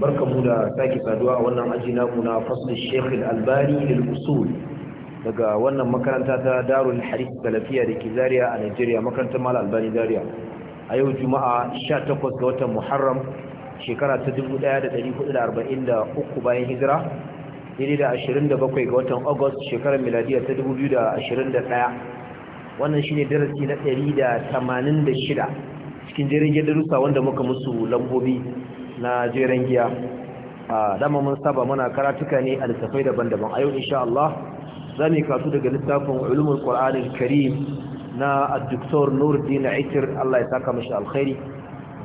barkamu da sake saduwa a wannan aji namu na faslin Sheikh Al-Albani lil usul daga wannan makaranta ta Darul Hadith Salafiya da ke Zaria a Najeriya makarantar Mal Albani Zariya. a yau Juma'a 18 ga watan Muharram shekara ta 1443 bayan hijira daidai da 27 ga watan August shekarar miladiya ta 2021 wannan shine darasi na 186 cikin jirgin darussa wanda muka musu lambobi na jeren giya a dama mun saba muna karatuka ne a littafai daban-daban a yau insha Allah za mu kasu daga littafin ulumul qur'anil karim na ad-doktor Nuruddin Aitir Allah ya saka mashi alkhairi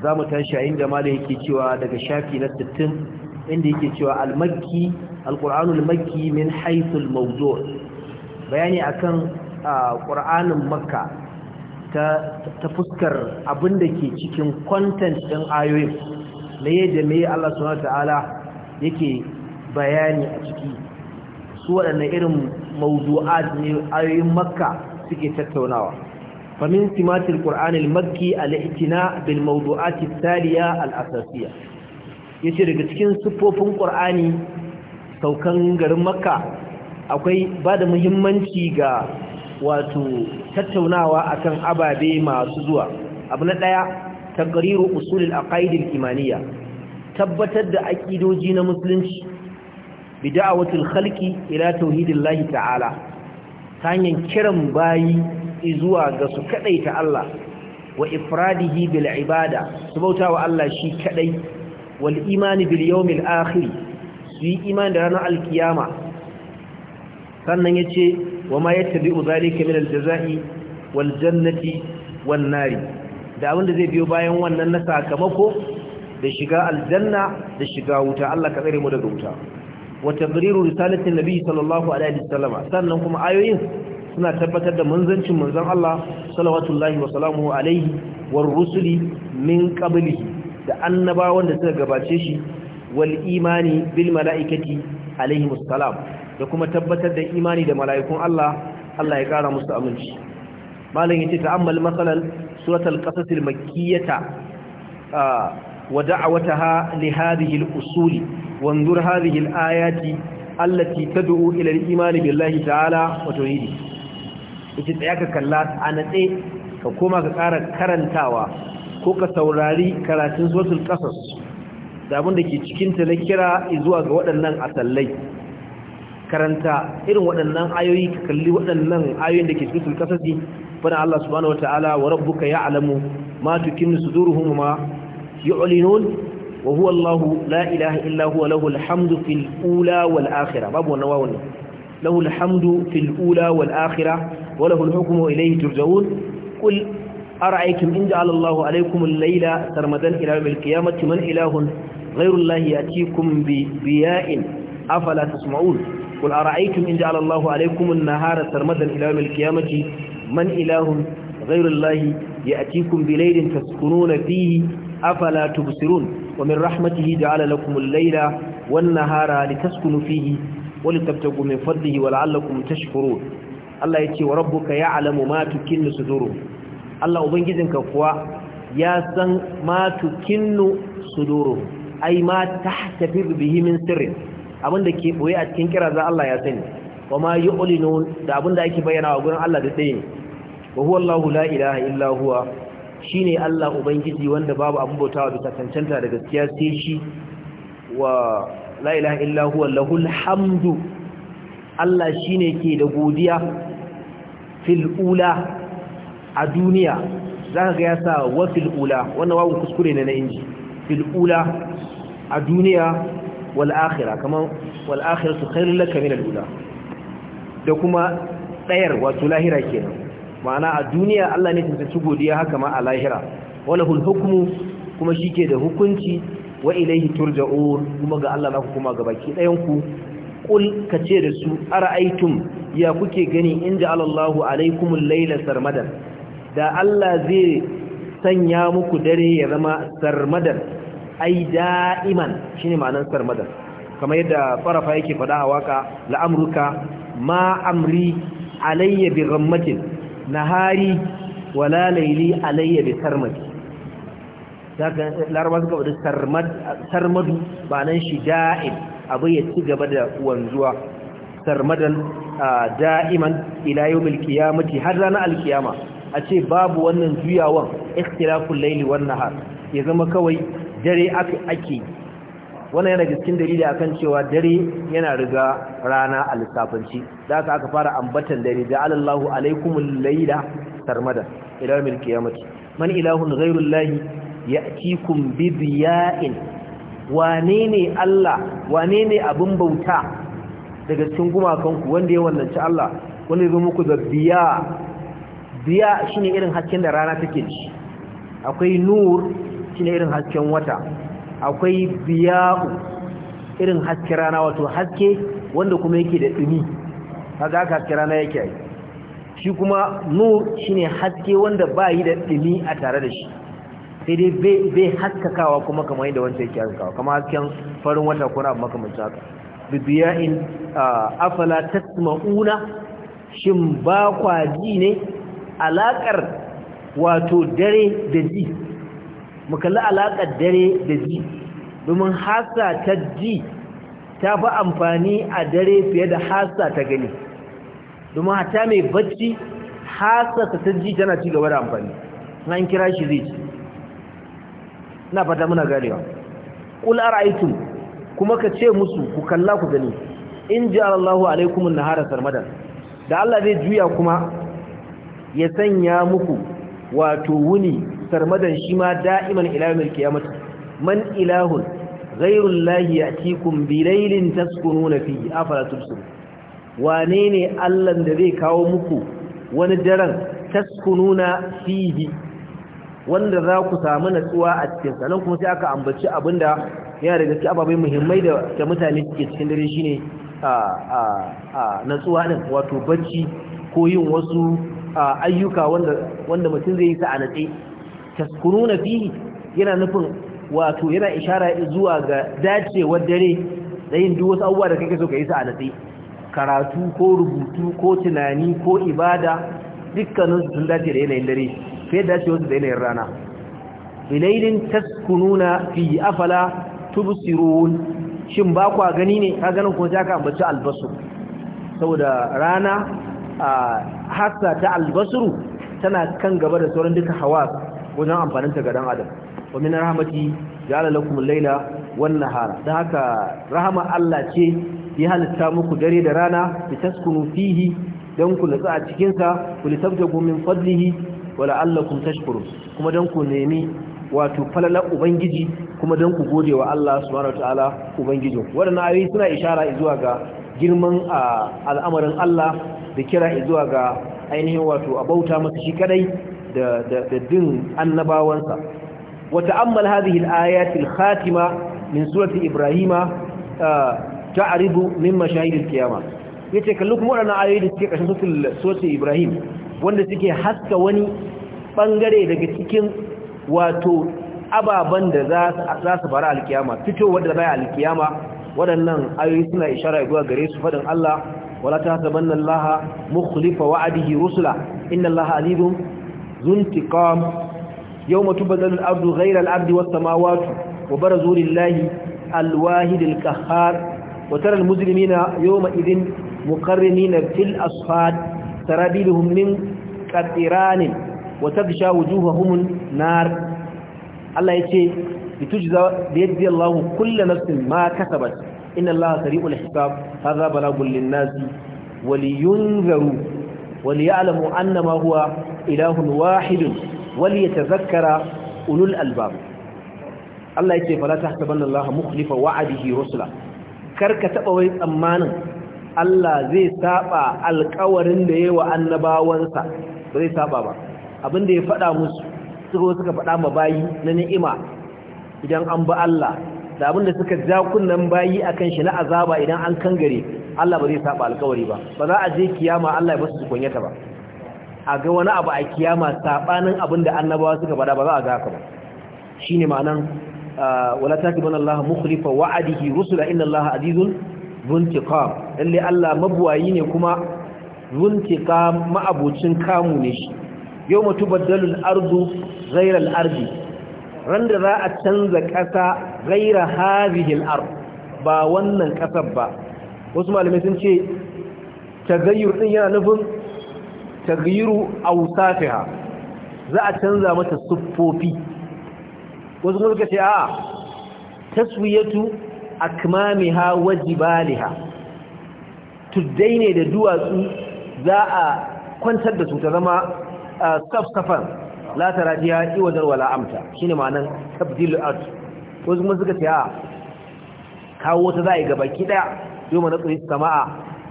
za mu tashi yayin da yake cewa daga shafi na 60 inda yake cewa al-makki al-qur'anul makki min haythu al-mawdu' bayani akan qur'anin makka ta ta fuskar abinda ke cikin content din ayoyin laye da mai Allah subhanahu ta'ala yake bayani a ciki su waɗannan irin mawdu'at ne ayoyin makka suke tattaunawa fa min simatil qur'an al makki al bil mawdu'at al thaliya al asasiya yace daga cikin siffofin qur'ani saukan garin makka akwai ba da muhimmanci ga wato tattaunawa akan ababe masu zuwa abu na ɗaya. taqriru usul al-aqaid al-imaniyya tabbatar da aqidoji na musulunci bi da'awati al-khalqi ila tauhidillahi ta'ala ta hanyar kiran bayi zuwa ga su ta Allah wa ifradihi bil ibada su bautawa Allah shi kadai wal imani bil yawmil akhir su yi imani da ranar alkiyama sannan yace wa ma yattabi'u zalika min al-jazai wal jannati wan nari da abin da zai biyo bayan wannan na sakamako da shiga aljanna da shiga wuta Allah ka tsare mu daga wuta wa tabriru risalatin nabi sallallahu alaihi wasallam sannan kuma ayoyin suna tabbatar da manzancin manzon Allah sallallahu wa salamu alaihi war rusuli min qablihi da annabawan da suka gabace shi wal imani bil malaikati alaihi wassalam da kuma tabbatar da imani da mala'ikun Allah Allah ya kara musu aminci malam yace ta'ammal masalan suratul qasas al-makkiyata wa da'awataha li hadhihi al-usuli wanzur hadhihi al-ayati allati tad'u ila al-iman billahi ta'ala wa tauhidi ka kalla anatse ka koma ka ƙara karantawa ko ka saurari karatun suratul qasas da ke cikin ta na kira zuwa ga waɗannan asallai karanta irin waɗannan ayoyi ka kalli waɗannan ayoyin da ke cikin suratul fana Allah subhanahu wataala wa rabbuka ya'lamu ma tukinnu suduruhum ma yu'linun wa huwa Allah la ilaha illa huwa lahul hamdu fil ula wal akhirah babu wannan wawun ne lahul hamdu fil ula wal akhirah wa lahul hukmu ilayhi turja'un qul ara'aytum in ja'ala Allah alaykum al-layla sarmadan ila yawm al-qiyamati man ilahun ghayru Allah ya'tikum bi biya'in afala tasma'un قل أرأيتم إن جعل الله عليكم النهار سرمدا إلى يوم القيامة man ilahun ghairullahi ya'tikum bilaylin taskununa fihi afala tubsirun wa min rahmatihi ja'ala lakum al-layla wan-nahara litaskunu fihi wa litabtagu min fadlihi wa la'allakum tashkurun Allah yace wa rabbuka ya'lamu ma tukinnu sudurum Allah ubangijinka kuwa ya san ma tukinnu sudurum ai ma tahtabir bihi min sirrin abinda ke boye a cikin kira Allah ya sani wa ma yu'linun da abinda ake bayyana wa gurin Allah da tsaye wa huwa Allahu la ilaha illa shine Allah ubangiji wanda babu abin bautawa bisa cancanta da gaskiya sai shi wa la ilaha illa huwa lahul Allah shine ke da godiya fil ula a duniya zaka ga yasa wa fil wannan wawu kuskure na inji fil ula a duniya da kuma dayar wato lahira kenan ma'ana a duniya Allah ne tantance godiya haka ma a lahira walahul hukmu kuma shike da hukunci wa ilaihi turja'un kuma ga Allah naku kuma ga baki ɗayan ku kul kace da su ara'aytum ya kuke gani inda Allahu alaykumul layla sarmadan da Allah zai sanya muku dare ya zama sarmadan ai da'iman shine ma'anar sarmadan kamar yadda farafa yake fada a waka la'amruka ma amri alayya bi ghammatin nahari wala laili alayya bi daga suka sarmad sarmadu ba nan shi da'in abu ya ci gaba da wanzuwa sarmadan da'iman ila yawmil qiyamati har ranar alkiyama a ce babu wannan juyawan ikhtilaful laili wan nahar ya zama kawai dare ake wannan yana cikin dalili akan cewa dare yana riga rana a lissafanci da aka aka fara ambatan dare da alallahu alaikumul laila sarmada ila yawmil qiyamati man ilahun ghayrul lahi ya'tikum bi diya'in wane ne Allah wane ne abin bauta daga cikin gumakan ku wanda ya wannanci Allah wanda zai muku da biya biya shine irin hakkin da rana take ci akwai nur shine irin hasken wata akwai biya'u irin haske rana wato haske wanda kuma yake da dumi kaga haka haske rana yake yi shi kuma nur shine haske wanda ba yi da dumi a tare da shi sai dai bai haskakawa kuma kamar yadda wancan yake haskakawa kamar hasken farin wata kuna abu makamancin haka in afala tasma'una shin ba kwaji ne alakar wato dare da ji mu kalli alaƙar dare da ji domin hasa ta ji ta fi amfani a dare fiye da hasa ta gani domin hata mai bacci hasa ta ji tana ci gaba da amfani na in kira shi zai ci na fata muna ganewa ƙul ara'aitum kuma ka ce musu ku kalla ku gani in ji Allahu alaikum nahara sarmadan da Allah zai juya kuma ya sanya muku wato wuni sarmadan shi ma da'iman ilamin kiyamata man ilahun ghairun lahi yatikum bilailin taskununa fi afala tubsir wane ne Allah da zai kawo muku wani daren taskununa fihi wanda za ku samu natsuwa a cikin sanan kuma sai aka ambaci abinda yana da gaske ababai muhimmai da mutane suke cikin dare shine a natsuwa din wato bacci ko yin wasu ayyuka wanda mutum zai yi sa a natse taskununa fihi yana nufin wato yana ishara zuwa ga dacewar dare da yin duk wasu abubuwa da kake so ka yi sa a natsi karatu ko rubutu ko tunani ko ibada dukkanin sun dace da yanayin dare fiye da dacewar wasu da yanayin rana ilailin taskununa fi afala tubsirun shin ba kwa gani ne ka ganin kuma ka ambaci albasu saboda rana a hasa ta albasuru tana kan gaba da sauran duka hawa wajen amfanin ta ga dan adam wa min rahmati ja'ala lakum al-laila wan nahara dan haka rahama Allah ce ya halitta muku dare da rana taskunu fihi dan ku natsa a cikin sa ku litabtagu min fadlihi wa la'allakum tashkurun kuma dan ku nemi wato falala ubangiji kuma dan ku gode wa Allah subhanahu ta'ala ubangijin wadannan ayoyi suna ishara zuwa ga girman al'amarin Allah da kira zuwa ga ainihin wato a bauta masa shi kadai da da din annabawansa wata ta'ammal hadhihi al-ayat al-khatima min surati ibrahima uh, ta'ridu min mashahid al-qiyamah yace kallon kuma wannan ayoyi da suke kashin suratul ibrahim wanda suke haska wani bangare daga cikin wato ababan da za su fara alkiyama fitowar da baya alkiyama waɗannan ayoyi suna ishara zuwa gare su faɗin Allah wala tahsabanna Allah mukhlifa wa'adihi rusula inna zuntiqam yawma tubaddalu al-ardu ghayra al-ardi was-samawati wa barazu lillahi al-wahid al-qahhar wa tara al-mujrimina yawma idhin muqarrinina fil asfad tarabiluhum min qatiranin wa tabsha wujuhahum nar Allah yace litujza bi yadi Allah kullu nafsin ma kasabat inna Allah sari'ul hisab hadha balagun lin-nasi wa liyunzaru وليعلموا أن ما هو إله واحد وليتذكر أولو الألباب Allah yake fala tahtabanna Allah mukhlifa wa'adihi rusula ka taɓa wai tsammanin Allah zai saba alkawarin da yayi wa annabawansa ba zai saba ba abin ya faɗa musu suka suka faɗa ma bayi na ni'ima idan an ba Allah da abin suka ja kunnan bayi akan shi na azaba idan an kangare Allah ba zai saba alkawari ba ba za a je kiyama Allah ya basu tukunyata ba a ga wani abu a kiyama sabanin abin da annabawa suka faɗa ba za a ga haka ba shine ma'anan ah, wala takiban Allah mukhlifa wa'adihi rusula inna Allah azizun zuntiqam lalle Allah mabuwayi ne kuma zuntiqam ma'abucin kamu ne shi yawma tubaddalu al-ardu ghayra al-ardi randa za a canza ƙasa ghayra hadhihi al-ard ba wannan ƙasar ba wasu malamai sun ce tagayyur din yana nufin tagayyuru awsafiha za a canza mata siffofi wasu kuma suka ce a taswiyatu akmamiha wajibaliha tuddai ne da duwatsu za a kwantar da su ta zama safsafan la tarajiya iwadar wala amta shine ma'anan tabdilu wasu kuma suka ce a kawo ta za a yi gabaki daya yau na tsaye sama'a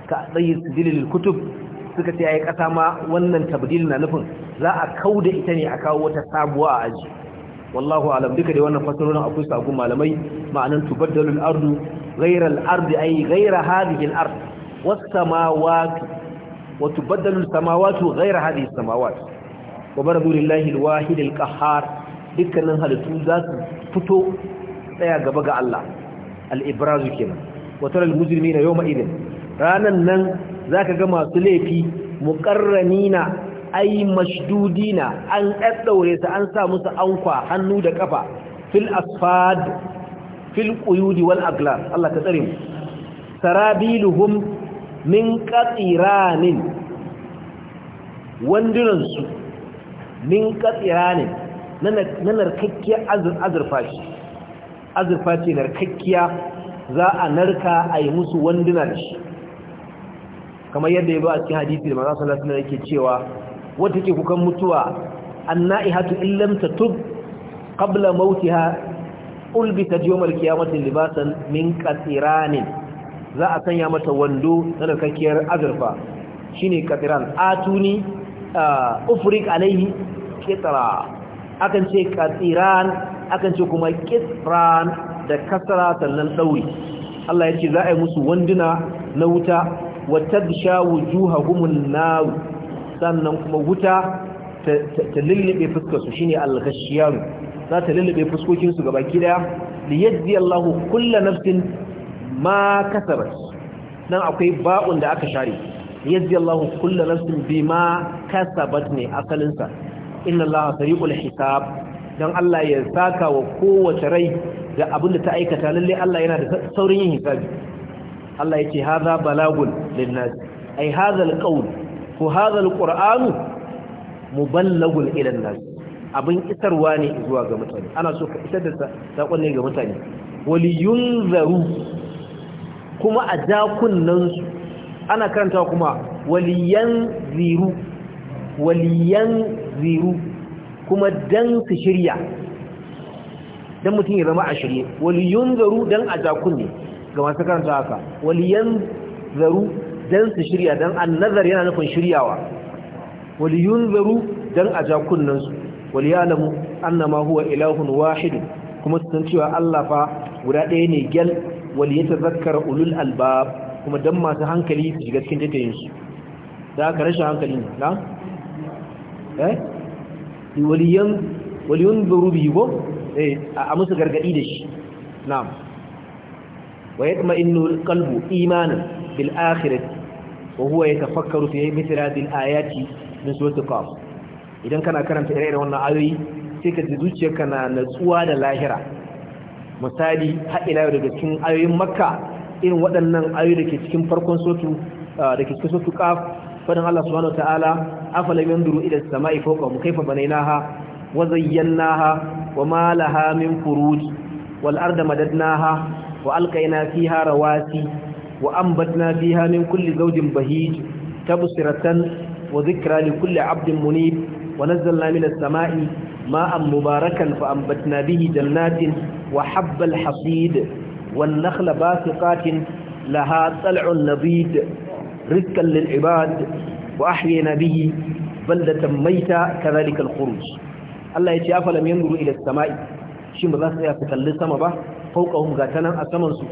ka tsaye sujilil kutub suka ce ai kasa ma wannan tabdil na nufin za a kauda ita ne a kawo wata sabuwa a aji wallahu alam duka dai wannan fasarorin akwai sagun malamai ma'anan tubaddalul ardu ghayra al ardi ay ghayra hadhihi al ard was samawati wa tubaddalu al samawati ghayra hadhihi al samawati wa baradu lillahi lahi wahid al qahhar dukkanin halittu za su fito tsaya gaba ga Allah al ibrazu kenan watar al-mujrimi na yau ma'idin ranan nan za ka ga masu laifi muƙarranina ai mashdudina an ɗaɗɗaure su an sa musu ankwa hannu da ƙafa fil asfad fil quyudi wal aglar Allah ta tsare mu sarabiluhum min qatsiranin wandunansu min qatsiranin na narkakkiyar azurfa ce azurfa ce narkakkiya za a narka a yi musu wanduna da shi kamar yadda ya ba a cikin hadisi da maza sallallahu alaihi yake cewa wata ke kukan mutuwa na'i annaihatu illam tatub qabla mautiha ulbita ya mata libasan min qatiranin za a sanya mata wando na narkakkiyar azurfa shine tuni atuni ah, ufrik alaihi qitra akan ce katsiran akan ce kuma qitran da kasra sannan dauri Allah ya ce za a yi musu wanduna na wuta Wata da wa tabsha wujuhahumun nar sannan kuma wuta ta lullube fuskarsu shine al-ghashiyar za ta lullube fuskokinsu gabaki daya li yajzi Allahu kulla nafsin ma kasabat nan akwai ba'un da aka share yajzi Allahu kulla nafsin ma kasabat ne asalinsa inna Allaha sari'ul hisab dan Allah ya saka wa kowace rai ga abin da ta aikata lalle Allah yana da saurin yin hisabi Allah yace hadha balagun linnas ai hadha alqawl ko hadha alquranu muballagun ila nas abin isarwa ne zuwa ga mutane ana so ka isar da sakon ne ga mutane waliyunzaru kuma a jakunan su ana karanta kuma waliyan ziru waliyan ziru kuma dan su shirya dan mutum ya zama a shirye wali yunzaru dan a jakunne ga masu karanta haka wali yanzaru dan su shirya dan annazar yana nufin shiryawa wali yunzaru dan a jakunnan su wali yalamu annama huwa ilahun wahid kuma su san cewa Allah fa guda ɗaya ne gyal wali yatazakkara ulul albab kuma dan masu hankali su shiga cikin tattayin su da ka rashin hankali ne na eh waliyan waliyun durubi go Eh, a musu gargadi da shi na'am wa yatma'innu qalbu imanan bil akhirati wa huwa yatafakkaru fi mithl hadhihi al-ayati min suratul qaf idan kana karanta irin wannan ayoyi sai ka ji zuciyarka na natsuwa da lahira misali har ila daga cikin ayoyin makka irin waɗannan ayoyi da ke cikin farkon sotu ah, da ke cikin sotu qaf fadan Allah subhanahu wa ta'ala afalam sama'i ila as kaifa fawqahum na banaynaha وزيناها وما لها من فروج والأرض مددناها وألقينا فيها رواسي وأنبتنا فيها من كل زوج بهيج تبصرة وذكرى لكل عبد منيب ونزلنا من السماء ماء مباركا فأنبتنا به جنات وحب الحصيد والنخل باسقات لها طلع نضيد رزقا للعباد وأحيينا به بلدة ميتة كذلك الخروج Allah ya ce afalam yanzuru ila samai shin ba za su tsaya su kalli sama ba fawqahum ga tanan a saman su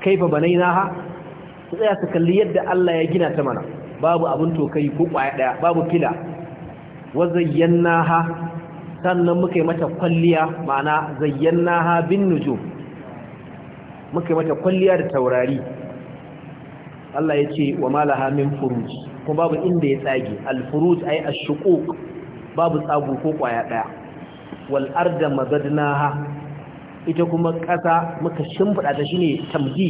kaifa banainaha su tsaya su kalli yadda Allah ya gina ta mana babu abin tokai ko kwaya daya babu fila wa zayyanaha sannan muka yi mata kwalliya ma'ana zayyanaha bin nujum muka yi mata kwalliya da taurari Allah ya ce wa malaha min furuj kuma babu inda ya tsage al furuj ay ash-shuquq babu tsago ko kwaya daya wal arda madadnaha ita kuma ƙasa muka shimfida ta shine tamdi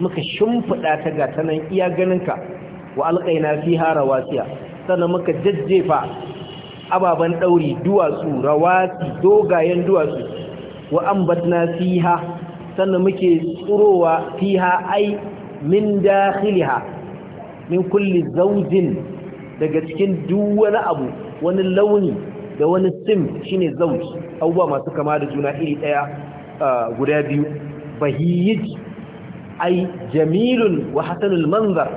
muka shimfida ta ga tanan iya ganinka wa alqaina fiha rawasiya sannan muka jajjefa ababan dauri duwatsu rawasi dogayen duwatsu wa ambatna fiha sannan muke tsurowa fiha ai min dakhilha min kulli zawjin daga cikin duk wani abu wani launi da wani sim shine zauj abubuwa masu kama da juna iri ɗaya guda biyu bahiyij ai jamilun wa hasanul manzar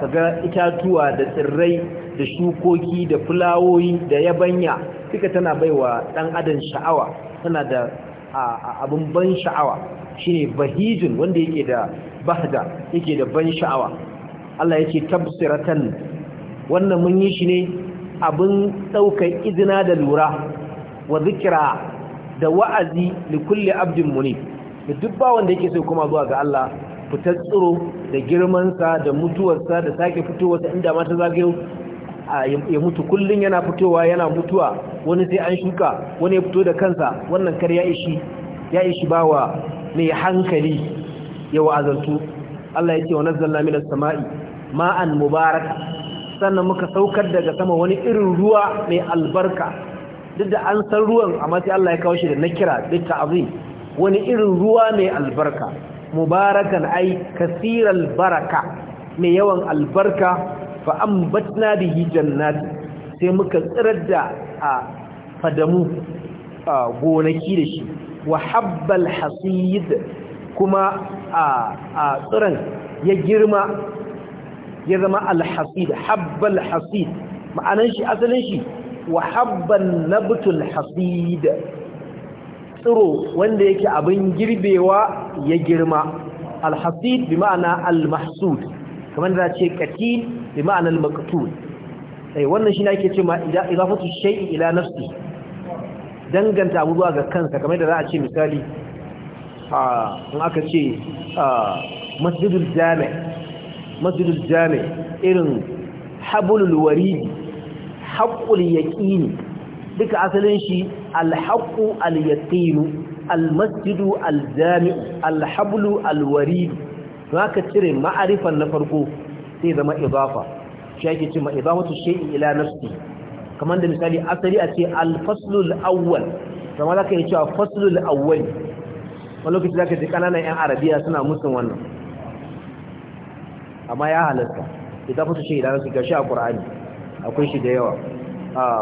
kaga itatuwa da tsirrai da shukoki da fulawoyi da yabanya duka tana baiwa dan adam sha'awa tana da abin ban sha'awa shine bahijin wanda yake da bahda yake da ban sha'awa Allah yake tabsiratan wannan mun yi shi ne abin ɗaukar izina da lura wa zikira da wa'azi da kulle abdin muni da duk ba wanda yake sai kuma zuwa ga Allah fitar tsiro da girmansa da mutuwarsa da sake fitowarsa inda mata zagayo ya mutu kullum yana fitowa yana mutuwa wani sai an shuka wani ya fito da kansa wannan kar ya ishi ya ishi bawa mai hankali ya wa'azantu Allah ya ce wa nazzalna minas sama'i ma'an mubarak sannan muka saukar daga sama wani irin ruwa mai albarka duk da an san ruwan amma sai Allah ya kawo shi da kira duk ta'zim wani irin ruwa mai albarka mubarakan ai kasiral baraka mai yawan albarka fa ambatna bihi jannati sai muka tsirar da a fadamu gonaki da shi wa habbal hasid kuma a tsiran ya girma ya zama alhasid habbal hasid ma'anan shi asalin shi wa habban nabtul hasid tsiro wanda yake abin girbewa ya girma alhasid bi ma'ana almahsud kamar da ce katil bi ma'ana almaqtul eh wannan shi ne ake cewa idafatu shay'i ila nafsi danganta abu zuwa ga kansa kamar da za a ce misali ah, in aka ce ah, masjidul jami' masjidul jami irin habulul waridi haqqul yaqini duka asalin shi alhaqqu alyaqinu almasjidu aljami alhablu alwarid haka cire ma'arifan na farko sai zama idafa shi yake cewa idafatu shay'in ila nafsi kamar da misali asali a ce alfaslul awwal kamar zaka yi cewa faslul awwal wani lokaci zaka ji kananan yan arabiya suna musun wannan amma ya halatta idan musu shi idan su gashi a qur'ani akwai shi da yawa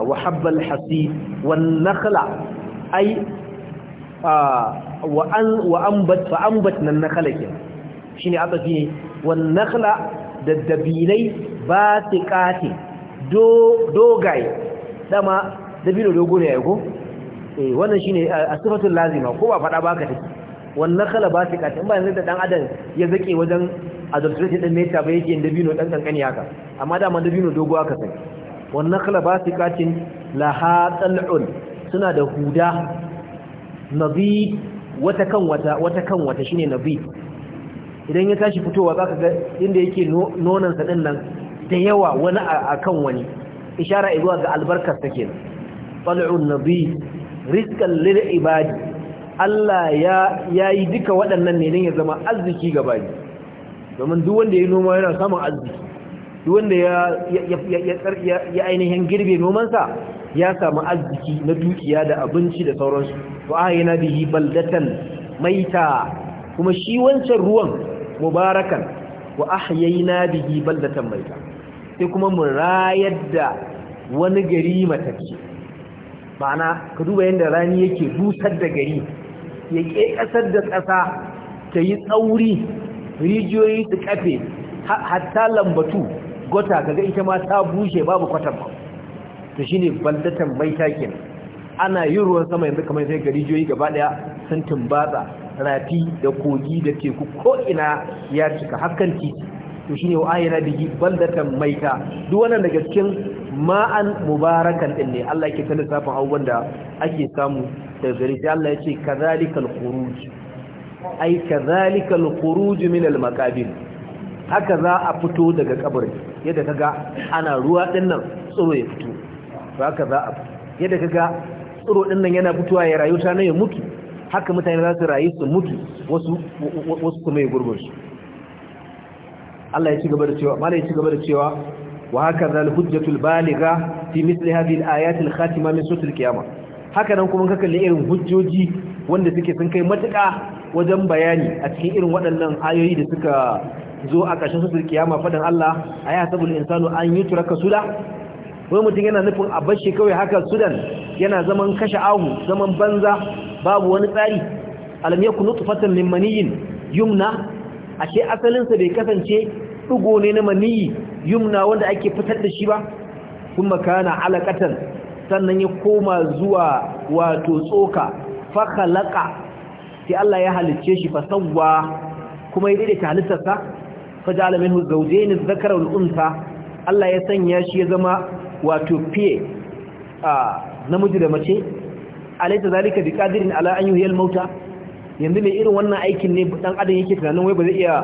wa habbal hasi wan nakhla ai wa an wa anbat fa anbatna nakhla ke shine atafi ne wan nakhla da dabilai batiqati do dogai dama dabino dogo ne ai ko eh wannan shine asifatul lazima ko ba fada baka take wannan kala ba ta kace in ba yanzu da dan adam ya zake wajen adulterated din meta ba yake dabino dan kankani haka amma da man dabino dogo haka sai wannan kala ba ta kace laha tal'un suna da huda nabi wata kan wata wata kan wata shine nabi idan ya tashi fitowa zaka ga inda yake nonon sa din nan da yawa wani akan wani ishara zuwa ga albarkar ta kenan nabi rizqan lil ibadi Allah ya yi duka waɗannan ne don ya zama arziki ga bayi domin duk wanda ya noma yana samun arziki duk wanda ya ainihin girbe nomansa ya samu arziki na dukiya da abinci da sauransu to a yana yi baldatan maita kuma shi wancan ruwan mubarakan wa da yi baldatan maita sai kuma mu rayar da wani gari matacce ma'ana ka duba yadda rani yake busar da gari ya ke ƙasar da ƙasa ta yi tsauri rijiyoyi su kafe hatta lambatu gota kaga ita ma ta bushe babu kwatan ba to ne baldatan mai takin ana yi ruwan sama yanzu kamar sai ga rijiyoyi gaba daya sun tumbatsa rafi da kogi da teku ko ina ya cika hakan titi to ne wa ayyana yi baldatan maita duk wannan daga cikin ma'an mubarakan ɗin ne Allah ke ta lissafin abubuwan da ake samu daga gari sai Allah ya ce kazalikal khuruj ai kazalikal khuruj min al maqabir haka za a fito daga kabari yadda ka ga ana ruwa din nan tsiro ya fito haka za a yadda kaga tsiro din nan yana fitowa ya rayu ta nan ya mutu haka mutane za su rayu su mutu wasu wasu kuma ya gurgursu Allah ya ci gaba da cewa mala ya ci gaba da cewa wa haka zal baliga fi misli hadhihi al ayat al khatima min suratul qiyamah haka nan kuma ka kalli irin hujjoji wanda suke sun kai matuƙa wajen bayani a cikin irin waɗannan ayoyi da suka zo a ƙarshen su kiyama faɗin Allah a yi sabul insanu an yi turaka suda wani mutum yana nufin a bashi kawai haka sudan yana zaman kashe ahu zaman banza babu wani tsari alam yakun fatan min maniyin yumna ashe asalinsa bai kasance ɗugo ne na maniyi yumna wanda ake fitar da shi ba kuma kana alaƙatan sannan ya koma zuwa wato tsoka fa sai Allah ya halicce shi fa sawwa kuma ya daidaita halittarsa fa ja'ala minhu zawjayn adh-dhakara wal untha Allah ya sanya shi ya zama wato fie. a namiji da mace alaita zalika bi qadirin ala an yuhyil mauta yanzu mai irin wannan aikin ne dan adam yake tunanin wai ba zai iya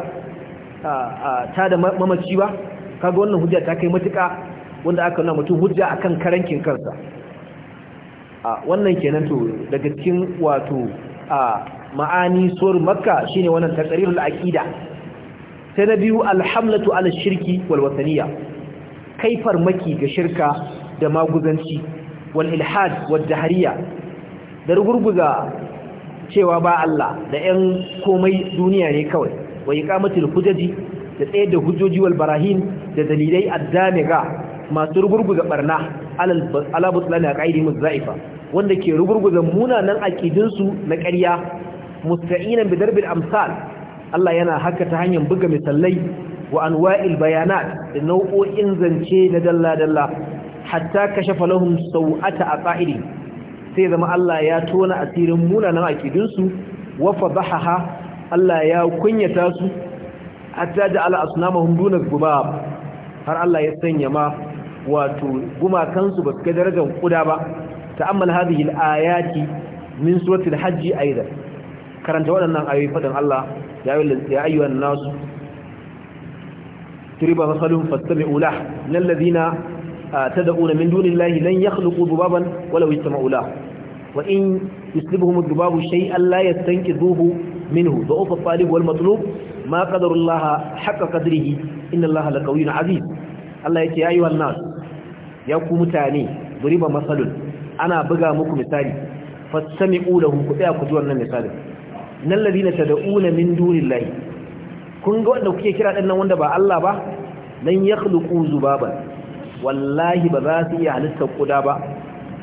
ta da mamaci ba kaga wannan hujja ta kai matuƙa wanda aka nuna mutum hujja akan karankin kansa a wannan kenan to daga cikin wato a ma'ani sur makka shine wannan taqrirul aqida sai na biyu alhamlatu ala shirki wal wataniya kai farmaki ga shirka da maguzanci wal ilhad wal dahariya da rugurguza cewa ba Allah da 'yan komai duniya ne kawai wa iqamatul hujaji da tsaye da hujjoji wal barahin da dalilai addamiga masu rugurguza barna ala butlani a ƙa'idin za'ifa wanda ke rugurguza munanan aƙidinsu na ƙarya musta'inan bidarbil amsal Allah yana haka ta hanyar buga misalai wa anwa'il bayanat da nau'o'in zance na dalla-dalla hatta kashafa lahum sau'ata a ƙa'idi sai zama Allah ya tona asirin munanan aƙidinsu wa fadahaha Allah ya kunyata su hatta da ala asnamahum duna gubab har Allah ya sanya ma wato gumakansu ba su kai darajar kuda ba ta'ammal hadhihi al-ayati min suratul hajj aidan karanta waɗannan ayoyi fadin Allah ya ayyuhan nas turiba masalun ula lah lil ah, ta da'una min dunillahi lan yakhluqu dhubaban walau yasma'u lah wa in dubabu yuslibuhum dhubabu shay'an la yastanqidhuhu minhu da'ufa at-talib wal matlub ma qadara Allah haqqa qadrihi inna Allah na 'aziz Allah ya yake ayyuhan nas ya ku mutane duriba masalul ana buga muku misali fastami'u lahu ku tsaya ku ji wannan misalin nan ladina tad'una min dunillahi kun ga wanda kuke kira nan wanda ba Allah ba lan yakhluqu zubaban wallahi ba za su iya halitta kuda ba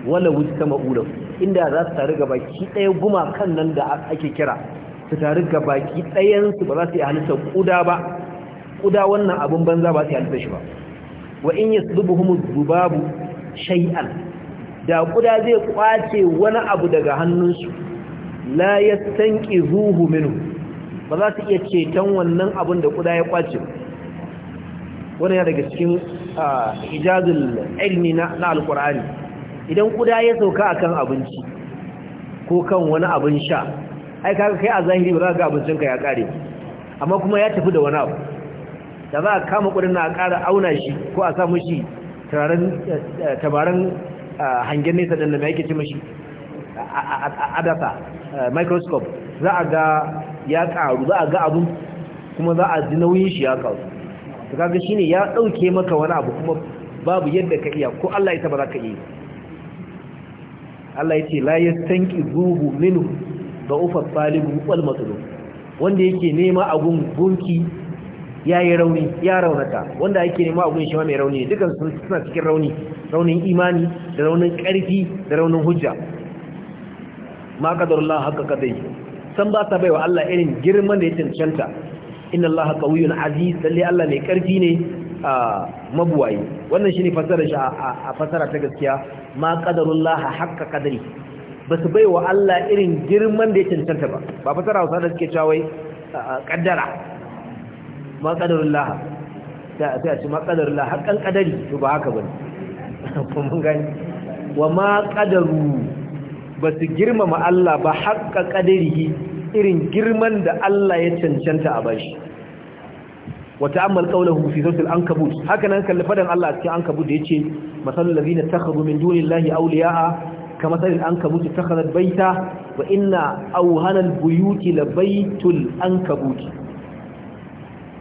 wala wuta ulahu inda za su taru baki daya guma kan nan da ake kira su taru gabaki dayan su ba za su iya halitta kuda ba kuda wannan abun banza ba su iya halitta shi ba wa in yaslubuhum babu shay'an da kuda zai kwace wani abu daga hannunsu la yastanqizuhu minhu ba za su iya ceton wannan abun da kuda ya kwace ya daga cikin ijazul ilmi na alqur'ani idan kuda ya sauka akan abinci ko kan wani abin sha ai kaga kai a zahiri ba za ka ga abincinka ya kare amma kuma ya tafi da wani abu da za a kama ƙudin na ƙara auna shi ko a sa mushi eh, tabaran eh, hangen nesa ɗin da mai yake ce a adasa eh, microscope za a ga ya ƙaru za a ga abu kuma za a ji nauyin shi ya ƙaru ta kaga shi ne ya ɗauke maka wani abu kuma babu yadda ka iya ko Allah ya taba za ka iya Allah ya ce la ya tanki zuhu minu da ufa talibu wal matulu wanda yake nema a gunki ya yi rauni ya raunata wanda ake nema abin shi ma mai rauni dukan sun suna cikin rauni raunin imani da raunin karfi da raunin hujja ma Allah haka kadai san ba ta baiwa Allah irin girman da ya cancanta inna Allah qawiyyun aziz salli Allah mai karfi ne a mabuwayi wannan shine fasara shi a fasara ta gaskiya ma haka kadai ba su baiwa Allah irin girman da ya cancanta ba ba fasara wasa da suke cewa wai kaddara ma laha sai a ce ma kadarun laha haƙƙan kadari to ba haka bane kuma gani wa ma kadaru ba su girmama Allah ba haƙa kadari irin girman da Allah ya cancanta a bashi wa ta'ammal qawluhu fi suratul ankabut haka nan kalli fadan Allah cikin ankabut da yace masalul ladina takhadhu min dunillahi awliya'a كما مثل الأنكبوت اتخذت بيتا وإن أوهن البيوت an الأنكبوت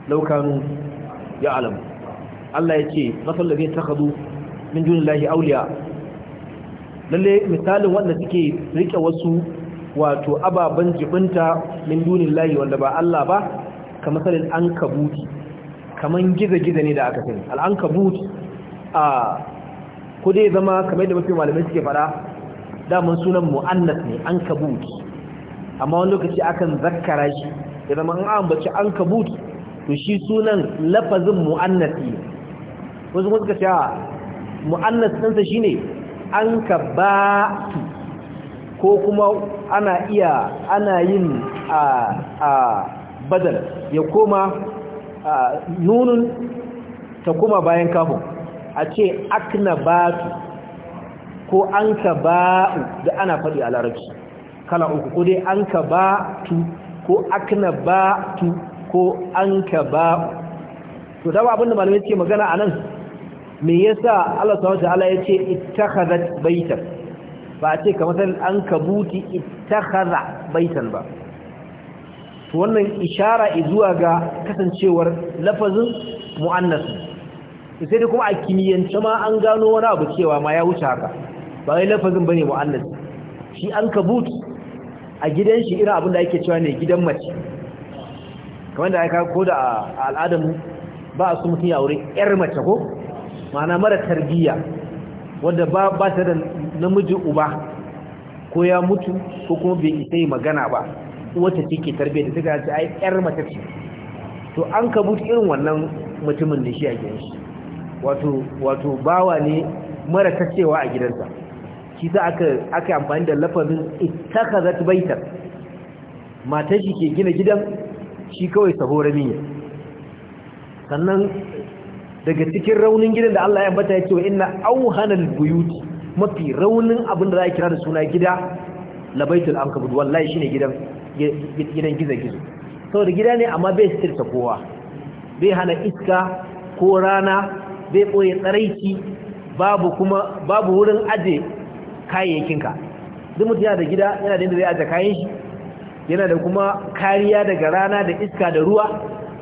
laukanu ya alamu Allah ya ce masal da min junin lahi auliya lalle misalin waɗanda suke rike wasu wato ababen jibinta min junin lahi wanda ba Allah ba ka masalin an kabuti kaman giza-giza ne da aka sani al'an kabut zama kamar da mafi malamai suke fara daman sunan mu'annas ne an kabut amma wani lokaci akan zakkara shi ya zama an ambaci an kabut to shi sunan lafazin mu'annasi wasu kuma suka ce ah, mu'annas ɗinsa shine an ka ba ko kuma ana iya ana yin a badal ya koma nunun ta koma bayan kafu a ce akna ba ko an ka ba'u da ana faɗi a larabci kala uku ko dai an ka ba'tu ko akna ba'tu ko an ka ba to da abin da malamai suke magana a nan me yasa Allah subhanahu ya ce ittakhadhat baitan ba a ce kamar an ka buti ittakhadha baitan ba to wannan ishara zuwa ga kasancewar lafazin mu'annas sai da kuma a kimiyyance ma an gano wani abu cewa ma ya wuce haka ba wai lafazin bane mu'annas shi an ka buti a gidan shi irin abin da ake cewa ne gidan mace kamar da aka ko da al'adar ba a su mutum ya aure yar mace ko ma'ana mara tarbiyya wanda ba ba ta da namiji uba ko ya mutu ko kuma bai isa yi magana ba wata ce ke tarbiyya da suka ce ai yar mace ce to an ka mutu irin wannan mutumin da shi a gidan shi wato bawa ne mara tacewa a gidansa shi sa aka aka amfani da lafazin ittakhazat baitan matar shi ke gina gidan shi kawai rami ne sannan daga cikin raunin gidan da Allah ya bata ya ce wa inna auhanal buyut mafi raunin abin da za a kira da suna gida labaitul ankabud wallahi shine gidan gidan gizo-gizo saboda gida ne amma bai sirta kowa bai hana iska ko rana bai ɓoye tsaraiki babu kuma babu wurin aje kayayyakinka duk mutum yana da gida yana da inda zai aje kayan shi yana da kuma kariya daga rana da iska da ruwa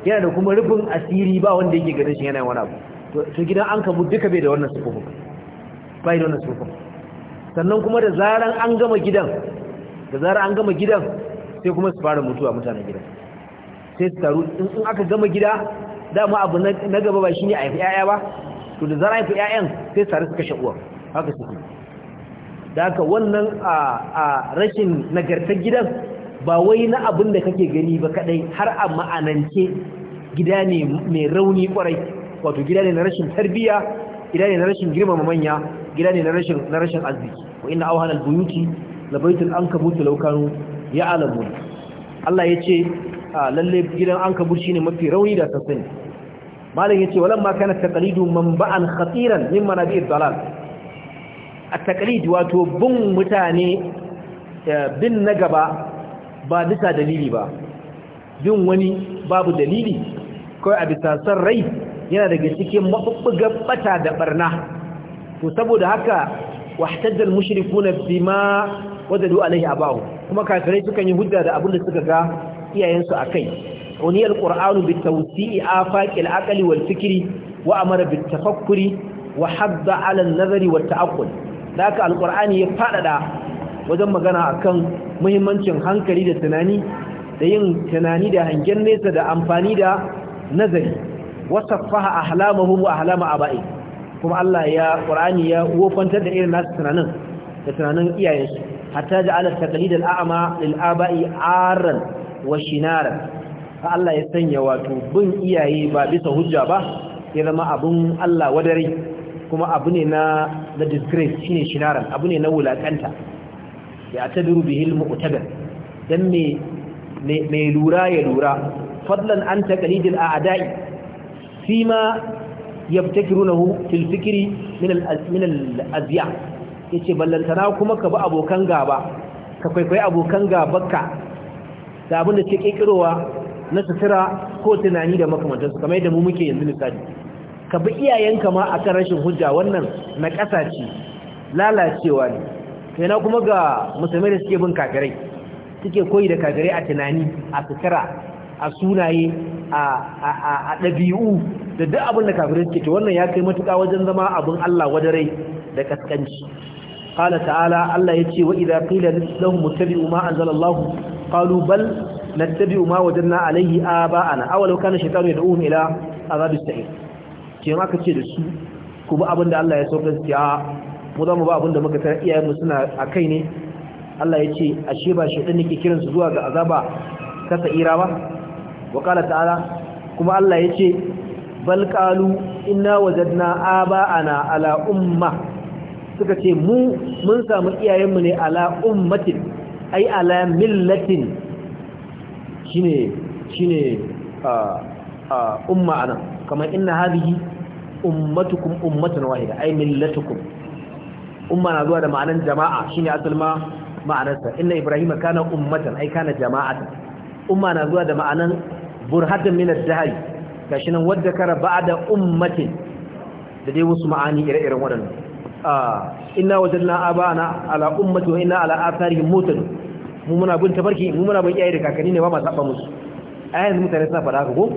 yana da kuma rufin asiri ba wanda yake ganin shi yana wani abu to gidan an kabu duka bai da wannan sufufin bai da wannan sufufin sannan kuma da zaran an gama gidan da zaran an gama gidan sai kuma su fara mutuwa mutanen gidan sai su taru in aka gama gida dama abu na gaba ba shine a haifi ƴaƴa ba to da zaran haifi ƴaƴan sai su taru su kashe haka suke da haka wannan a rashin nagartar gidan ba wai na abin da kake gani ba kadai har a ma'anance gida ne mai rauni kwarai wato gida ne na rashin tarbiya gida ne na rashin girmama manya gida ne na rashin arziki wa inna awhana albuyuti la baitul ankabut law ya alamu. Allah yace lalle gidan shi shine mafi rauni da sassan malam yace walamma kana taqlidu manba'an khatiran min manabi'id dalal at-taqlid wato bin mutane eh, bin na gaba ba bisa dalili ba bin wani babu dalili kawai a bisa san rai yana daga cikin mabubbugan ɓata da ɓarna, to saboda haka wahtajjal mushrikuna bima wajadu a abahu kuma kafirai suka yi hujja da abin da suka ga iyayensu a kai. qur'anu bitawsi'i afaqil aqli wal fikri wa amara tafakkuri wa hadda 'ala an-nazari wat ta'aqqul haka alqur'ani ya faɗaɗa wajen magana akan muhimmancin hankali da tunani da yin tunani da hangen nesa da amfani da nazari wasaffaha a halama a bai kuma Allah ya ƙur'ani ya wofantar da irin nasu tunanin da tunanin iyayensu hatta ja'ala ala al da lil aba'i aran wa shinaran fa Allah ya sanya wato bin iyaye ba bisa hujja ba ya zama abun Allah wadare kuma abu ne na na disgrace shine shinaran abu ne na wulakanta ya tabiru bihil hilmu dan don mai lura ya lura fadlan an taqlidil a'da'i fima yabtakirunahu fil fikri min al min al azya yace ballantana kuma ka ba abokan gaba ka kwaikwayi abokan gabaka. da abinda ce na sutura ko tunani da makamantarsu, kamar yadda mu muke yanzu misali ka bi iyayenka ma akan rashin hujja wannan na ƙasa ce lalacewa ne Kaina kuma ga musulmai da suke bin kafirai suke koyi da kafirai a tunani a fitara, a sunaye a ɗabi'u da duk abin da kafirai suke ce wannan ya kai matuƙa wajen zama abin Allah wajen da kaskanci qala ta'ala Allah ya ce wa idza qila lahum muttabi'u ma anzalallahu qalu bal nattabi'u ma wajanna alayhi aba'ana aw law kana shaytanu yad'uhum ila azabis sa'ir kin aka ce da su ku bi abin da Allah ya sauka mu za mu ba abinda da muka tara iyayenmu suna a kai ne Allah ya ce ashe ba shi ɗan nake kiransu zuwa ga azaba ta sa'ira ba wa ƙala ta'ala kuma Allah ya ce bal ƙalu inna wajadna aba'ana ala umma suka ce mu mun samu iyayenmu ne ala ummatin ai ala millatin shine shine a a umma ana kamar inna hadhihi ummatukum ummatan wahida ai millatukum umma na zuwa da ma'anan jama'a shine asalin ma ma'anarsa inna ibrahima kana ummatan ai kana jama'atan umma na zuwa da ma'anan burhatan min ad-dahr gashi nan wadda kara ba'da ummatin da dai wasu ma'ani ire-iren waɗannan ah, inna wajadna abana ala ummati wa inna ala atharihim mutadun mu muna bin tabarki, mu muna bin iyaye da kakanni ne ba ma saba musu ayan mutane suna fara ko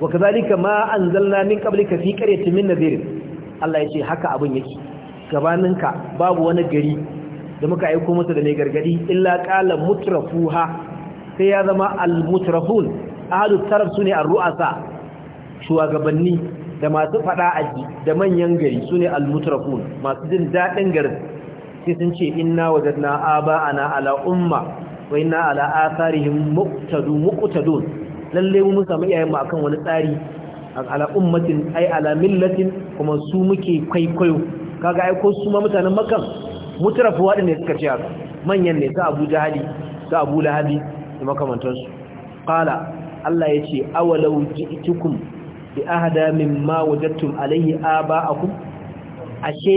wa kazalika ma anzalna min qablika fi qaryatin min nadhir Allah ya ce haka abin yake gabaninka babu wani gari da muka aiko masa da mai gargadi illa qala mutrafuha sai ya zama al-mutrafun ahlu taraf sune ar-ru'asa shugabanni da masu fada aji da manyan gari sune al-mutrafun masu jin daɗin garin sai sun ce inna wajadna ana ala umma wa inna ala atharihim muqtadu muqtadun lalle mu samu iyayen mu akan wani tsari ala ummatin ay ala millatin kuma su muke kwaikwayo kaga ai ko su ma mutanen makka mutarafu da suka ce haka manyan ne ta abu jahali ta abu lahabi da makamantansu qala Allah ya ce awalau ji'tukum bi ahada mimma wajadtum alayhi aba'akum ashe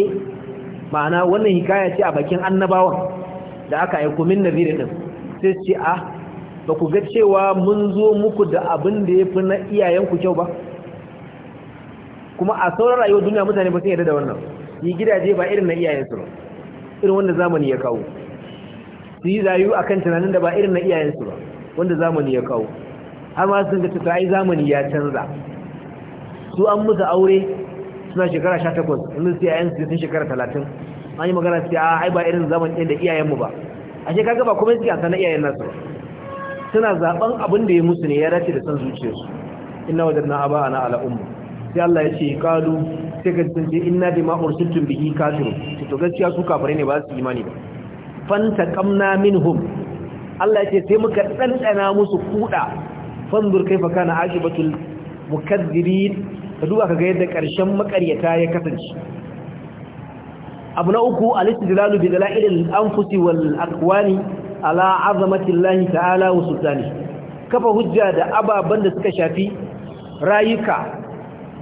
ma'ana wannan hikaya ce a bakin annabawan da aka aiko min da din sai ce a ah, ba ku ga cewa mun zo muku da abin da yafi na iyayenku kyau ba kuma a sauran rayuwar duniya mutane ba sun yarda da wannan yi gidaje ba irin na iyayensu ba irin wanda zamani ya kawo su yi zayu a kan tunanin da ba irin na iyayensu ba wanda zamani ya kawo har ma sun ga ta ai zamani ya canza su an musu aure suna shekara sha takwas inda su yayan su sun shekara talatin an yi magana su a ai ba irin zamani ɗin da iyayenmu ba a shekara gaba kuma suke a na iyayen nasu suna zaɓen abin da ya musu ne ya dace da son zuciyarsu inna wajen na'aba aba ana al'umma sai Allah ya ce kalu sai ka sun inna bima ursiltum bihi kafir to gaskiya su kafare ne ba su imani ba fanta qamna minhum Allah ya ce sai muka dandana musu kuda fanzur kaifa kana aqibatul mukaththibin ka duba kaga yadda karshen makaryata ya kasance abu na uku al-istidlalu bi dalailil anfusi wal aqwani ala azamatillahi ta'ala wa sultani kafa hujja da ababan da suka shafi rayuka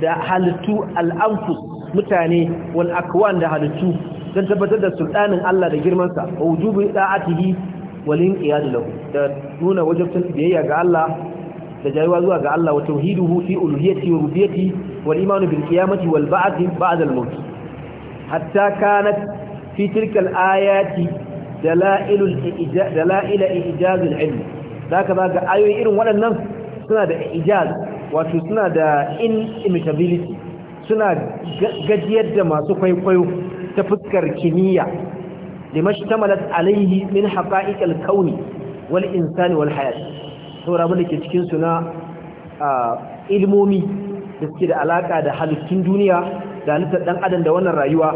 da halittu al'amfus mutane wal akwan da halittu don tabbatar da sultanin Allah da girmansa wa wujubu da'atihi wal inqiyad lahu da nuna wajibin biyayya ga Allah da jayuwa zuwa ga Allah Wata tauhiduhu fi uluhiyyati wa rububiyyati wal iman bil qiyamati wal ba'd ba'd al maut hatta kanat fi tilka ayati dalail al ijaz dalail ijaz al ilm zaka ga ayoyi irin waɗannan suna da ijaz wato suna da inimitability suna gajiyar da masu kwaikwayo ta fuskar kimiyya lima shtamalat alaihi min haqa'iqil kauni wal insani wal hayat saboda abin da ke cikin suna na ilmomi da suke da alaka da halittun duniya da halittar dan adam da wannan rayuwa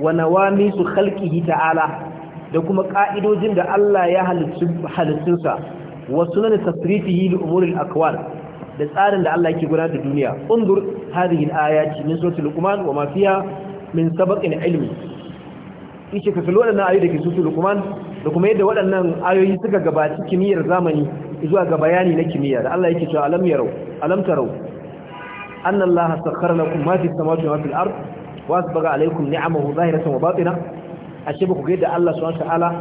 wa nawami su khalqihi ta'ala da kuma ka'idojin da Allah ya halittu halittunsa wa sunan tasrifihi li umuril akwal da tsarin da Allah yake gudanar da duniya undur hadhihi al-ayati min surati luqman wa ma fiha min sabaqin ilmi yace ka kalli waɗannan ayoyi da ke surati luqman da kuma yadda waɗannan ayoyi suka gabaci kimiyyar zamani zuwa ga bayani na kimiyya da Allah yake cewa alam yarau alam tarau anna Allah sakhkhara lakum ma fi samawati wa fil ard wa asbaga alaykum ni'amahu zahiratan wa batina ashe ba ku ga yadda Allah subhanahu wa ta'ala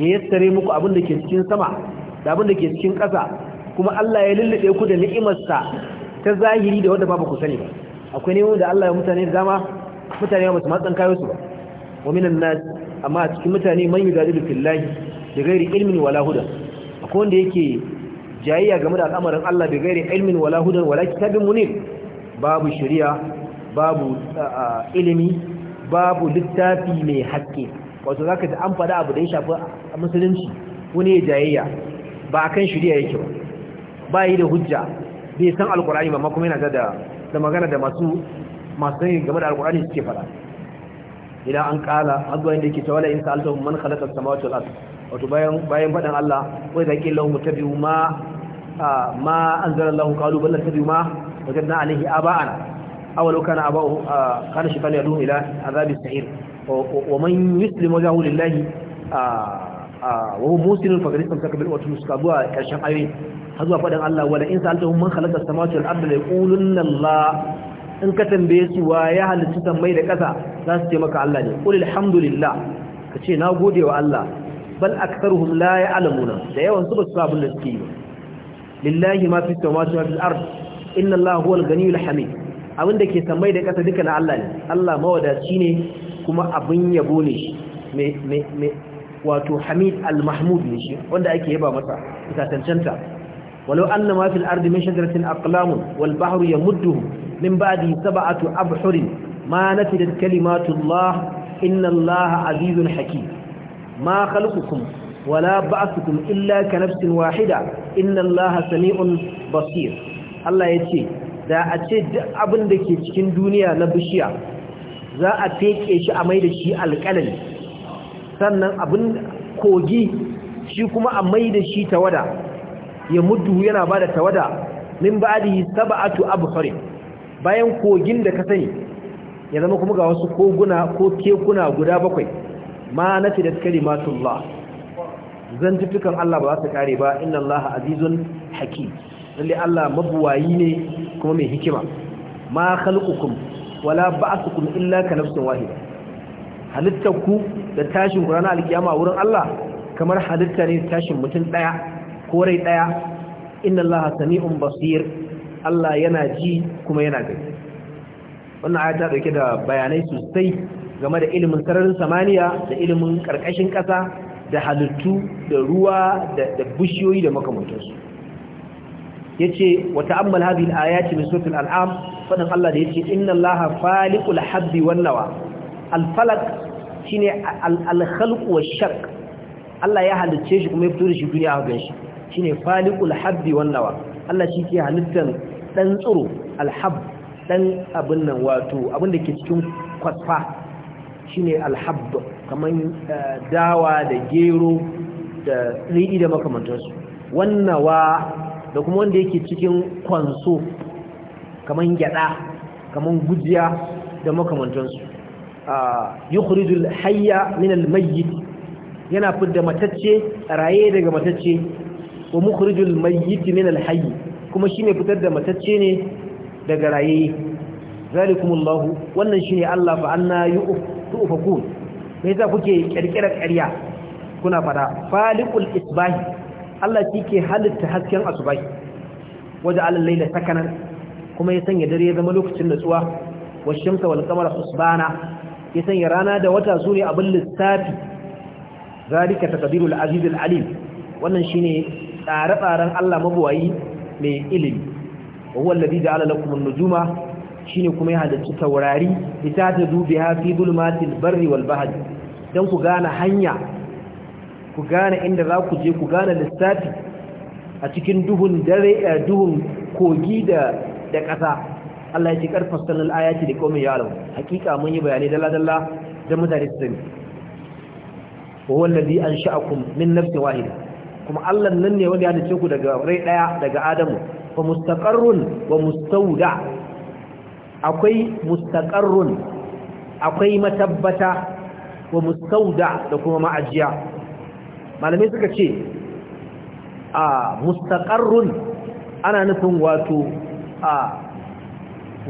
ya yassare muku abin da ke cikin sama da abin da ke cikin ƙasa kuma Allah ya lullube ku da ni'imarsa ta zahiri da wanda ba ku sani ba akwai ne wanda Allah ya mutane da dama mutane ba su matsan kayo su ba wa minan nas amma a cikin mutane man yujadilu fillahi bi ghairi ilmin wala huda akwai wanda yake jayayya game da al'amarin Allah bi ghairi ilmin wala huda wala kitabin munir babu shari'a babu ilimi babu littafi mai hakki wato zaka ji an faɗa abu da ya shafi musulunci wani ya jayayya ba akan shari'a yake ba Ba yi da hujja bai san alkur'ani ba kuma yana da magana da masu masu sani game da alkur'ani suke fara idan an kala azuwa inda yake tawala in sa'altahum man khalaqa as-samawati wal ard wato bayan bayan fadan Allah wai da yake lahu mutabiu ma ma anzala Allah qalu bal tabiu ma wajadna alayhi aba'ana aw law kana aba'u kana shaytanu yadu ila azab as-sa'ir wa man yuslimu wajhahu lillahi wa musilin fagaristan saka bil watul suka zuwa karshen ayoyi har zuwa faɗin Allah wala in sa'altahum man khalaqa as-samawati wal arda la yaqulunna Allah in ka tambaye su wa ya halitta sammai da ƙasa za su ce maka Allah ne qul alhamdulillah ka ce na gode wa Allah bal aksar aktharuhum la ya'lamuna da yawan su ba su abin da suke yi lillahi ma fi samawati wa fil ard inna Allah huwal ganiyul hamid abin da ke tambayi da ƙasa duka na Allah ne Allah mawadaci ne kuma abin yabo ne mai wato hamid al-mahmud ne shi wanda ake yaba masa bisa cancanta walau anna ma fil ardi min shajaratin aqlamun wal bahru yamudduhu min ba'di sab'atu abhurin ma natidat kalimatullah inna allaha azizun hakim ma khalqukum wala ba'athukum illa ka nafsin wahida inna allaha sami'un basir Allah yace da a ce duk abin da ke cikin duniya na bishiya za a feke shi a mai da shi alƙalami sannan abin kogi shi kuma a mai da shi tawada ya mudu yana ba da tawada min saba'atu, abu fari. bayan kogin da ka sani ya zama kuma ga wasu koguna ko tekuna guda bakwai ma na fi da kalimatullah zantutukan Allah ba za su kare ba inna Allah azizun hakim lalle Allah mabuwayi ne kuma mai hikima ma khalqukum wala ba'athukum illa ka nafsin wahida halittar ku da tashin ku ranar alkiyama wurin Allah kamar halitta ne tashin mutum daya ko rai daya inna Allah sami'un basir Allah yana ji kuma yana gani wannan ayata ta dauke da bayanai sosai game da ilimin sararin samaniya da ilimin karkashin kasa da halittu da ruwa da bishiyoyi da makamantansu yace wa ta'ammal hadhihi al-ayati min suratul an'am fadan Allah da yace inna Allaha faliqul habbi wan nawa alfalak shine alkhalqu shak. Allah ya halicce shi kuma ya fito da shi duniya a gan shi shine faliqul habbi wan nawa Allah shi ke halittan dan tsiro alhab dan abin nan wato abin da ke cikin kwasfa shine alhab kaman eh, dawa da gero da riɗi da makamantarsu wannawa da kuma wanda yake cikin kwanso kaman gyada kaman gujiya da makamantarsu yukhrijul hayya min al-mayyit yana fidda matacce raye daga matacce wa mukhrijul mayyit min al-hayy kuma shine fitar da matacce ne daga raye zalikumullahu wannan shine Allah fa anna yu'fakun me yasa kuke kirkirar ƙarya kuna fada faliqul isbahi Allah kike halitta hasken asubahi waje alal layla sakanan kuma ya sanya dare ya zama lokacin natsuwa washamsa wal qamara husbana ya sanya rana da wata su ne abin lissafi ta taqdirul azizul alim wannan shine tsare-tsaren Allah mabuwayi mai ilimi wa huwa alladhi ja'ala lakum an-nujuma shine kuma ya halarci taurari ita ta dubi ha fi zulmatil barri wal bahri dan ku gane hanya ku gane inda za ku je ku gane lissafi a cikin duhun eh, duhun kogi da da ƙasa Allah ya ce karfa sanan ayati da komai ya alamu hakika mun yi bayanai dalla dalla da mutane su sani wa an ansha'akum min nafsin wahida kuma Allah nan ne wanda ya da ku daga rai daya daga Adamu fa mustaqarrun wa musta'uda. akwai mustaqarrun akwai matabbata wa musta'uda da kuma ma'ajiya malamai suka ce a ah, mustaqarrun ana nufin wato a ah,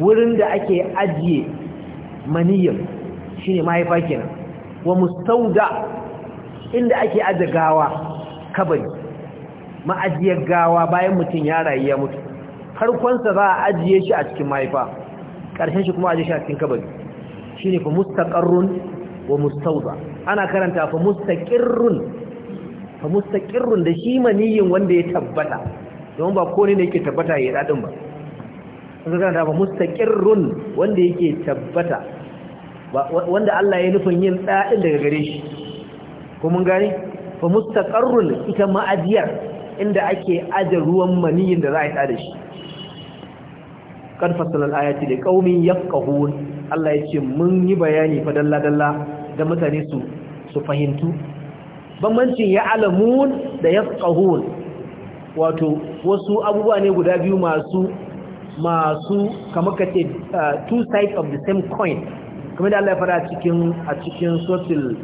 wurin da ake ajiye maniyyar shine mahaifa kenan wa mustauda inda ake aje gawa kabari ma'ajiyar gawa bayan mutum ya rayu ya mutu farkonsa za a ajiye shi a cikin mahaifa ƙarshen shi kuma ajiye shi a cikin kabari shine fa mustaqarrun wa mustauda ana karanta fa mustaqirrun fa mustaqirrun da shi maniyin wanda ya tabbata don ba ko ne yake tabbata ya dadin ba sun ga dama mustaqirrun wanda yake tabbata wanda Allah ya nufin yin ɗa'in daga gare shi ko mun gane fa mustaqarrun ita ma'adiyar inda ake ajiye ruwan maniyin da za a yi tsada shi kan fasalal ayati da qaumin yafqahun Allah ya ce mun yi bayani fa dalla dalla da mutane su su fahimtu bambancin ya alamun da yafqahun wato wasu abubuwa ne guda biyu masu masu kamar ka ce uh, two sides of the same coin kuma da Allah ya fara cikin a cikin sotil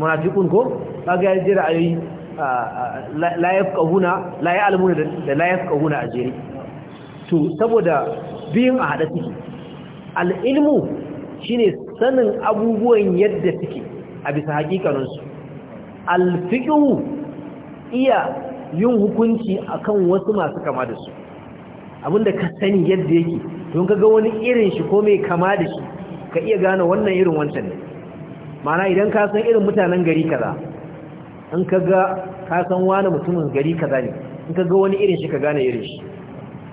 munafiqun ko kaga ya jira yi uh, uh, la kahuna la ya'lamuna da la kahuna a jere to saboda biyun a hada suke al-ilmu shine sanin abubuwan yadda suke a bisa su. al-fiqhu iya yin hukunci akan wasu masu kama da su abinda ka sani yadda yake don ka ga wani irin shi ko mai kama da shi ka iya gane wannan irin wancan ne mana idan ka san irin mutanen gari kaza in ka ga ka san wani mutumin gari kaza ne in ka ga wani irin shi ka gane irin shi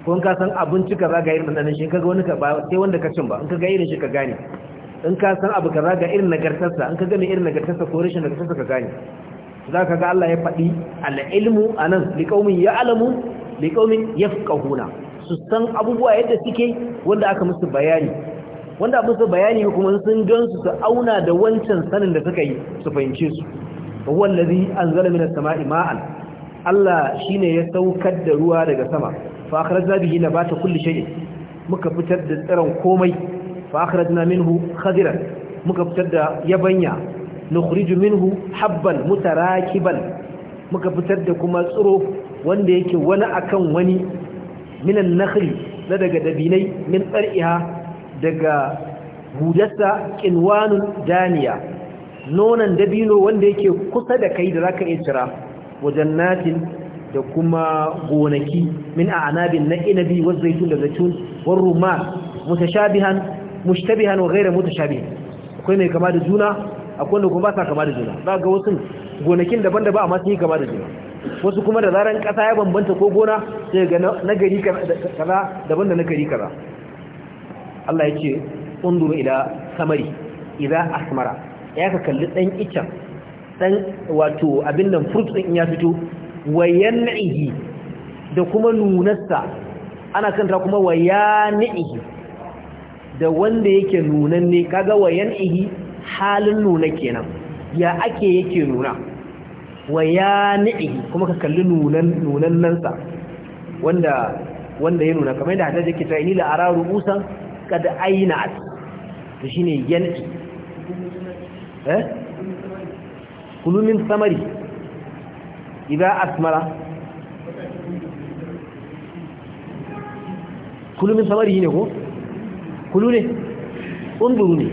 ko in ka san abinci kaza ga irin nan shi in ka ga wani ba sai wanda ka cin ba in ka ga irin shi ka gane in ka san abu kaza ga irin nagartarsa in ka ga irin nagartarsa ko rashin nagartarsa ka gane za ka ga Allah ya faɗi al'ilmu a nan liƙaumin ya alamu liƙaumin ya ƙahuna su san abubuwa yadda suke wanda aka musu bayani wanda musu bayani kuma sun gansu su auna da wancan sanin da suka yi su fahimce su huwa allazi anzala minas sama'i ma'an Allah shine ya saukar da ruwa daga sama fa akhrajna bihi nabata kulli shay'in muka fitar da tsiron komai fa akhrajna minhu khadiran muka fitar da yabanya nukhriju minhu habban mutarakiban muka fitar da kuma tsiro wanda yake wani akan wani minan nakhli na daga dabinai min tsar'iha daga hudarsa kinwanun daniya nonon dabino wanda yake kusa da kai da zaka iya cira wajen natin da kuma gonaki min a a'anabin na inabi wa zai da zaitun wa rumman mutashabihan mushtabihan wa ghayra mutashabihin akwai mai kama da juna akwai wanda kuma ba sa kama da juna za ga wasu gonakin daban-daban amma sun yi kama da juna wasu kuma da zaran ƙasa ya bambanta ko gona sai ga na gari kaza daban da na gari kaza Allah ya ce unduru ila samari idza asmara ya ka kalli dan icen dan wato abin nan fruit din ya fito wayan'ihi da kuma nunarsa ana kanta kuma wayan'ihi da wanda yake nunanne kaga wayan'ihi halin nuna kenan ya ake yake nuna wa ya ni'i kuma ka kalli nunan nunan wanda wanda ya nuna kamar da hadda yake cewa ni la ara rubusan kad aina to shine yanki eh kulumin samari idza asmara kulumin samari ne ko kulu ne unduru ne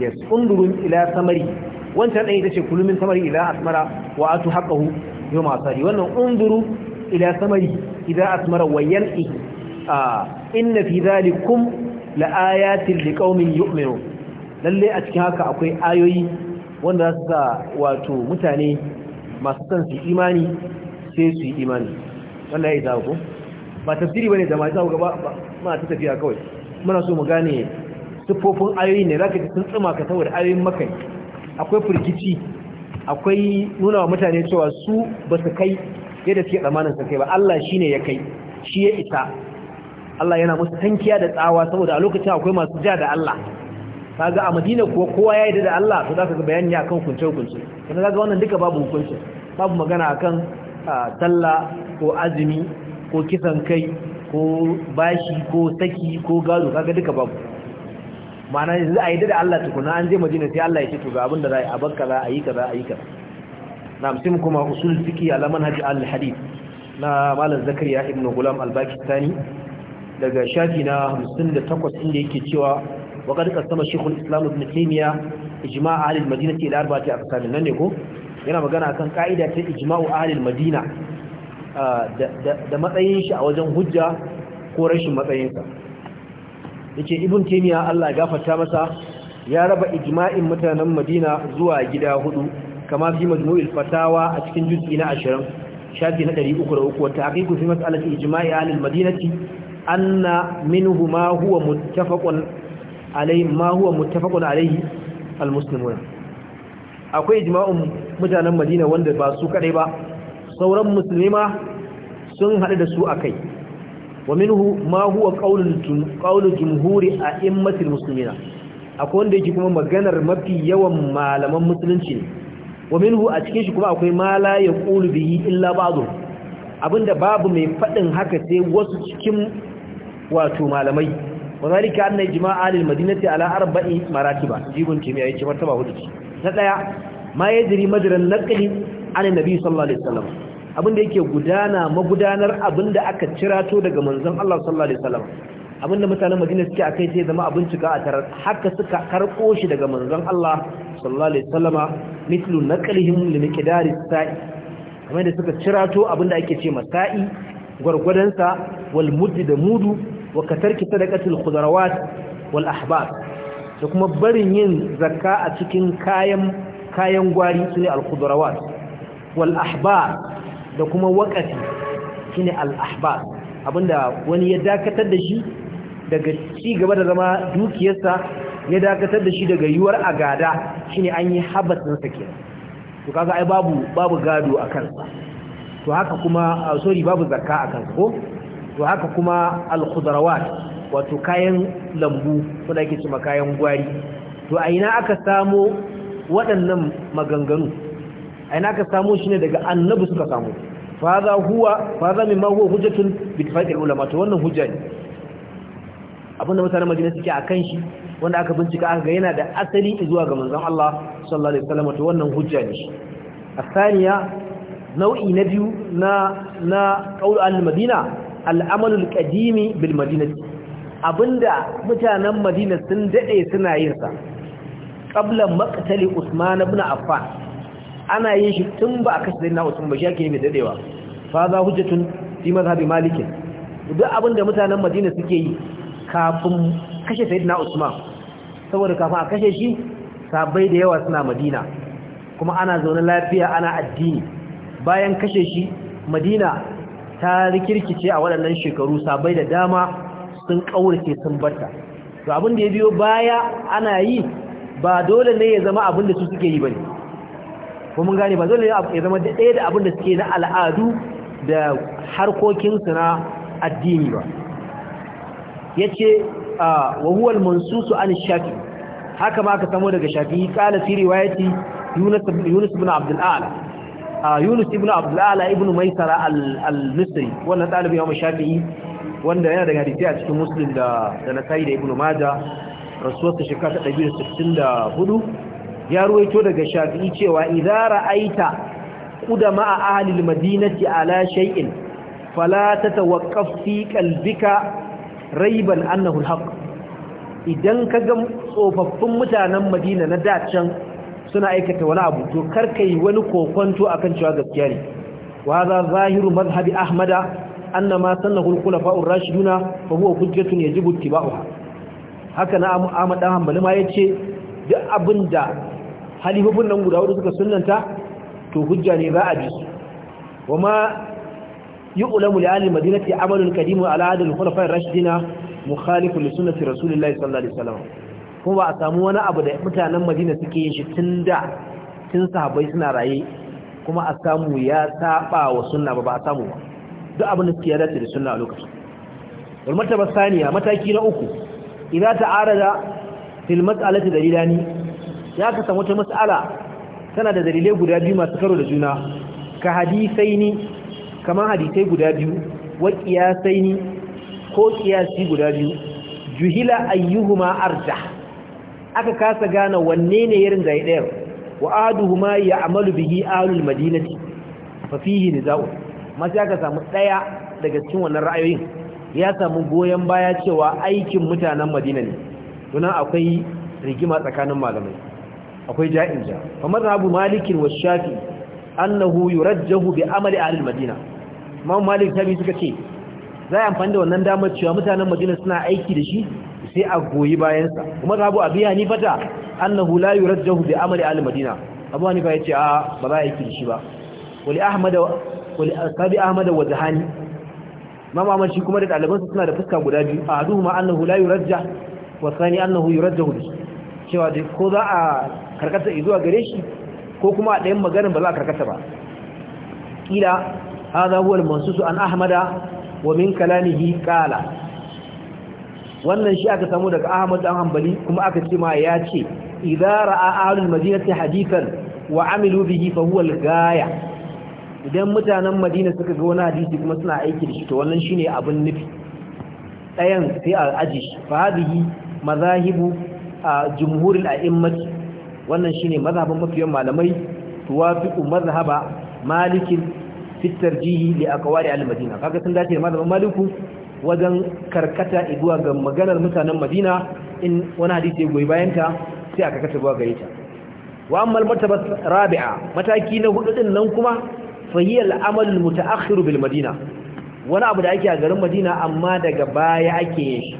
yes unduru ila samari wancan ɗaya ita ce kulumin samari ila asmara wa atu haƙahu yau masu wannan unzuru ila samari idan asmara wa yan'i ah, inna fi zalikum la ayatin li qaumin yu'minun lalle a cikin haka akwai ayoyi wanda za su sa wato mutane masu san su imani sai su yi imani wannan ya zago ba tafsiri bane da ma zago gaba ma ta tafiya kawai muna so mu gane siffofin ayoyin ne zaka ji sun tsuma ka saboda ayoyin makai akwai firgici akwai nuna wa mutane cewa su ba su kai yadda suke tsamanin su kai ba Allah shi ne ya kai shi ya ita. Allah yana musu tankiya da tsawa saboda a lokacin akwai masu ja da Allah kaga a Madina kuwa kowa ya yi da Allah to zaka ga bayani akan kunce kunce kuma kaga wannan duka babu hukunci babu magana akan sallah ko azumi ko kisan kai ko bashi ko saki ko gado kaga duka babu ma'ana yanzu a yi da Allah tukuna an je madina sai Allah ya ce tuga abinda za a yi a bakka za a yi kaza a yi kaza na mutum kuma usul a laman haji al-hadith na malam zakariya ibn gulam al-bakistani daga shafi na da takwas inda yake cewa wa qad qasama shaykhul islam ibn a ijma' ahli al ce ce a aqsam nan ne ko yana magana akan ka'ida ta ijima'u a halin madina ah, da matsayin shi a wajen hujja ko rashin matsayinsa yace ibn taymiya Allah gafarta masa ya raba ijma'in mutanen Madina zuwa gida hudu kama fi majmu'il fatawa a cikin juz'i na 20 shafi na 303 wa taqiqu fi mas'alati ijma'i ahli al-madinati anna minhu ma huwa muttafaqun alayhi ma huwa muttafaqun alayhi al-muslimun akwai ijma'un mutanen Madina wanda ba su kadai ba sauran musulmi ma sun hadu da su akai ومنه ما هو قول قول جمهور ائمه المسلمين akwai wanda yake kuma maganar mafi yawan malaman musulunci ne wa a cikin shi kuma akwai ma la yaqulu bihi illa ba'd abinda babu mai fadin haka sai wasu cikin wato malamai wazalika anna ijma'a al madinati ala arba'i maratiba jibun timi yayi martaba hudu na daya ma yajri madran naqli an nabi sallallahu alaihi wasallam abin da yake gudana magudanar abin da aka cirato daga manzon Allah sallallahu alaihi wasallam abin da mutanen Madina suke akai sai zama abin cika a tarar haka suka karko shi daga manzon Allah sallallahu alaihi wasallama mithlu naqlihim li miqdari sa'i kamar da suka cirato abin da ake ce masa'i gurgurdan sa wal da mudu wa katarki sadaqatul khudrawat wal ahbab da kuma barin yin zakka a cikin kayan kayan gwari sune al khudrawat wal ahbab da kuma wakati shine al-ahbab abinda wani ya dakatar da shi daga ci gaba da zama dukiyarsa ya dakatar da shi daga yiwuwar agada shine an yi habas ɗinsa ke to kaga ai babu gado a kansa to haka kuma ah, sorry babu zakka a kansa ko to haka kuma al wato kayan lambu wanda ke cewa kayan gwari to a ina aka samo waɗannan maganganu ai naka samu shi ne daga annabi suka samu fa za huwa fa za ma huwa hujjatun bi tafaqil ulama to wannan hujja ne abinda mutanen madina suke akan shi wanda aka bincika aka ga yana da asali zuwa ga manzon Allah sallallahu alaihi wasallam to wannan hujja ne shi nau'i na biyu na na qaul al-madina al qadimi bil madinati abinda mutanen madina sun dade suna yin sa qabla maqtali usman ibn affan ana yin shi tun ba a kashe na usman ba shi ake yi mai dadewa fa za tun fi mazhabi Malikin, duk abin da mutanen madina suke yi kafin kashe na usman saboda kafin a kashe shi sabai da yawa suna madina kuma ana zaune lafiya ana addini bayan kashe shi madina ta rikirkice a waɗannan shekaru sabai da dama sun ƙaurace sun barta to abin da ya biyo baya ana yi ba dole ne ya zama abin da su suke yi ba ne. ko mun gane ba ne ya zama ɗaya da abin da suke na al'adu da harkokinsu na addini ba ya ce wa huwal mansusu an shafi haka ma ka samu daga shafi kala ya ce yunus ibn abdul a'la yunus ibn abdul a'la ibn maisara al-misri wannan ɗalibin yawon shafi wanda yana daga hadisi a cikin muslim da da nasai da ibn majah ta shekara ta 264 ya ruwaito daga shafi'i cewa idza ra'aita qudama ahlil madinati ala shay'in fala tatawaqqaf fi qalbika ra'iban annahu alhaq idan kaga tsofaffin mutanen madina na dacan suna aikata wani abu to karkai wani kokonto akan cewa gaskiya ne wa hadha zahiru madhhabi ahmada anna ma sannahu alkhulafa'ur rashiduna fa huwa hujjatun yajibu ittiba'uha haka na Ahmad dan Hanbali ma yace duk abinda halifofin nan guda hudu suka sunanta to hujja ne za a bi su wama yu'lamu li ahli madinati amalun qadimun ala ahli al-khulafa rashidina mukhalifun li sunnati rasulillahi sallallahu alaihi wasallam kuma ba a samu wani abu da mutanen madina suke yin shi tun da tun sahabbai suna raye kuma a samu ya saba wa sunna ba ba a samu ba duk abin da suke ya dace da sunna a lokacin wal martaba saniya mataki na uku idan idza ta'arada fil mas'alati dalilani ya ka samu ta mas'ala tana da dalilai guda biyu masu karo da juna ka hadisai ni kamar hadisai guda biyu wa kiyasai ni ko kiyasi guda biyu juhila ayyuhuma arja aka kasa gane wanne ne yarin zai ɗaya wa aduhuma ya amalu bihi alul madinati fa fihi nizau ma sai aka samu ɗaya daga cikin wannan ra'ayoyin ya samu goyon baya cewa aikin mutanen madina ne donan akwai rigima tsakanin malamai akwai ja'in ja fa madhhabu malikin wa shafi annahu yurajjahu bi amali ahli madina imam malik tabi suka ce za a amfani da wannan damar cewa mutanen madina suna aiki da shi sai a goyi bayansa kuma zabu abi hanifa ta annahu la yurajjahu bi amali ahli madina abu hanifa yace a ba za a aiki da shi ba wali ahmad wali asabi ahmad wa zahani imam ahmad shi kuma da ɗalibansa suna da fuska guda biyu a aduhuma annahu la yurajja wa thani annahu yurajjahu bi cewa ko za a karkata zuwa gare shi ko kuma a ɗayan maganin ba za a karkata ba kila hadha huwa al an ahmada wa min kalamihi qala wannan shi aka samu daga ahmad dan hambali kuma aka ce ma ya ce idza ra'a ahlul madinati wa amilu bihi fa huwa idan mutanen madina suka ga wani hadisi kuma suna aiki da shi to wannan shine abin nufi ɗayan sai a aji shi fa mazahibu a jumhurul a'immati wannan shine mazhabin mafiyan malamai tuwafiqu mazhaba fitar jihi tarjih aka ware al-madina kaga sun dace mazhabin maliku wajen karkata zuwa ga maganar mutanen madina in wani hadisi ya goyi bayanta sai aka kata zuwa gare ta wa amma martaba rabi'a mataki na hudu din nan kuma fahiya al-amal al-muta'akhir bil madina wani abu da ake a garin madina amma daga baya ake yin shi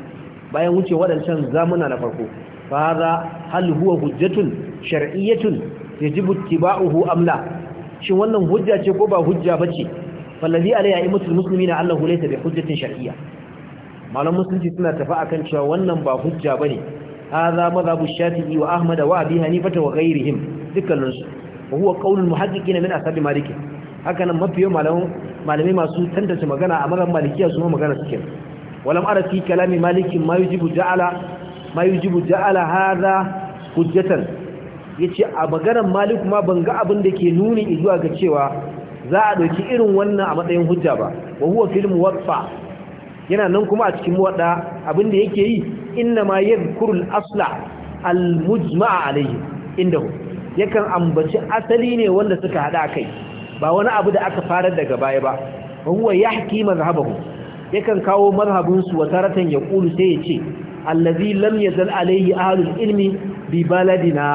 bayan wuce waɗancan zamuna na farko hal huwa فهذا هل هو حجة شرعية يجب اتباعه أم لا شو أنه حجة تقوبة حجة بشي فالذي عليه أئمة المسلمين أنه ليس hujjatin شرعية malam musulunci suna tafi akan cewa wannan ba hujja bane hadha madhhabu shafi'i wa ahmad wa abi hanifa wa ghayrihim dukkanin su wa huwa qaulul muhaddiqina min ashabi maliki haka nan mafiyo malamin malamai masu tantance magana a mazan malikiya su magana suke walam ara fi kalami maliki ma yujibu ja'ala ma yujibu ja'ala hadha hujjatan yace a maganar malik ma ban ga abin da ke nuni zuwa ga cewa za a dauki irin wannan a matsayin hujja ba wa huwa fil muwaffa yana nan kuma a cikin muwadda abin da yake yi inna ma yadhkuru al asla al mujma'a alayhi hu yakan ambaci asali ne wanda suka hada kai ba wani abu da aka fara daga baya ba wa huwa yahki mazhabahu yakan kawo mazhabinsu wa taratan yaqulu sai ya ce allazi lam yazal alayhi ahlul ilmi bi baladina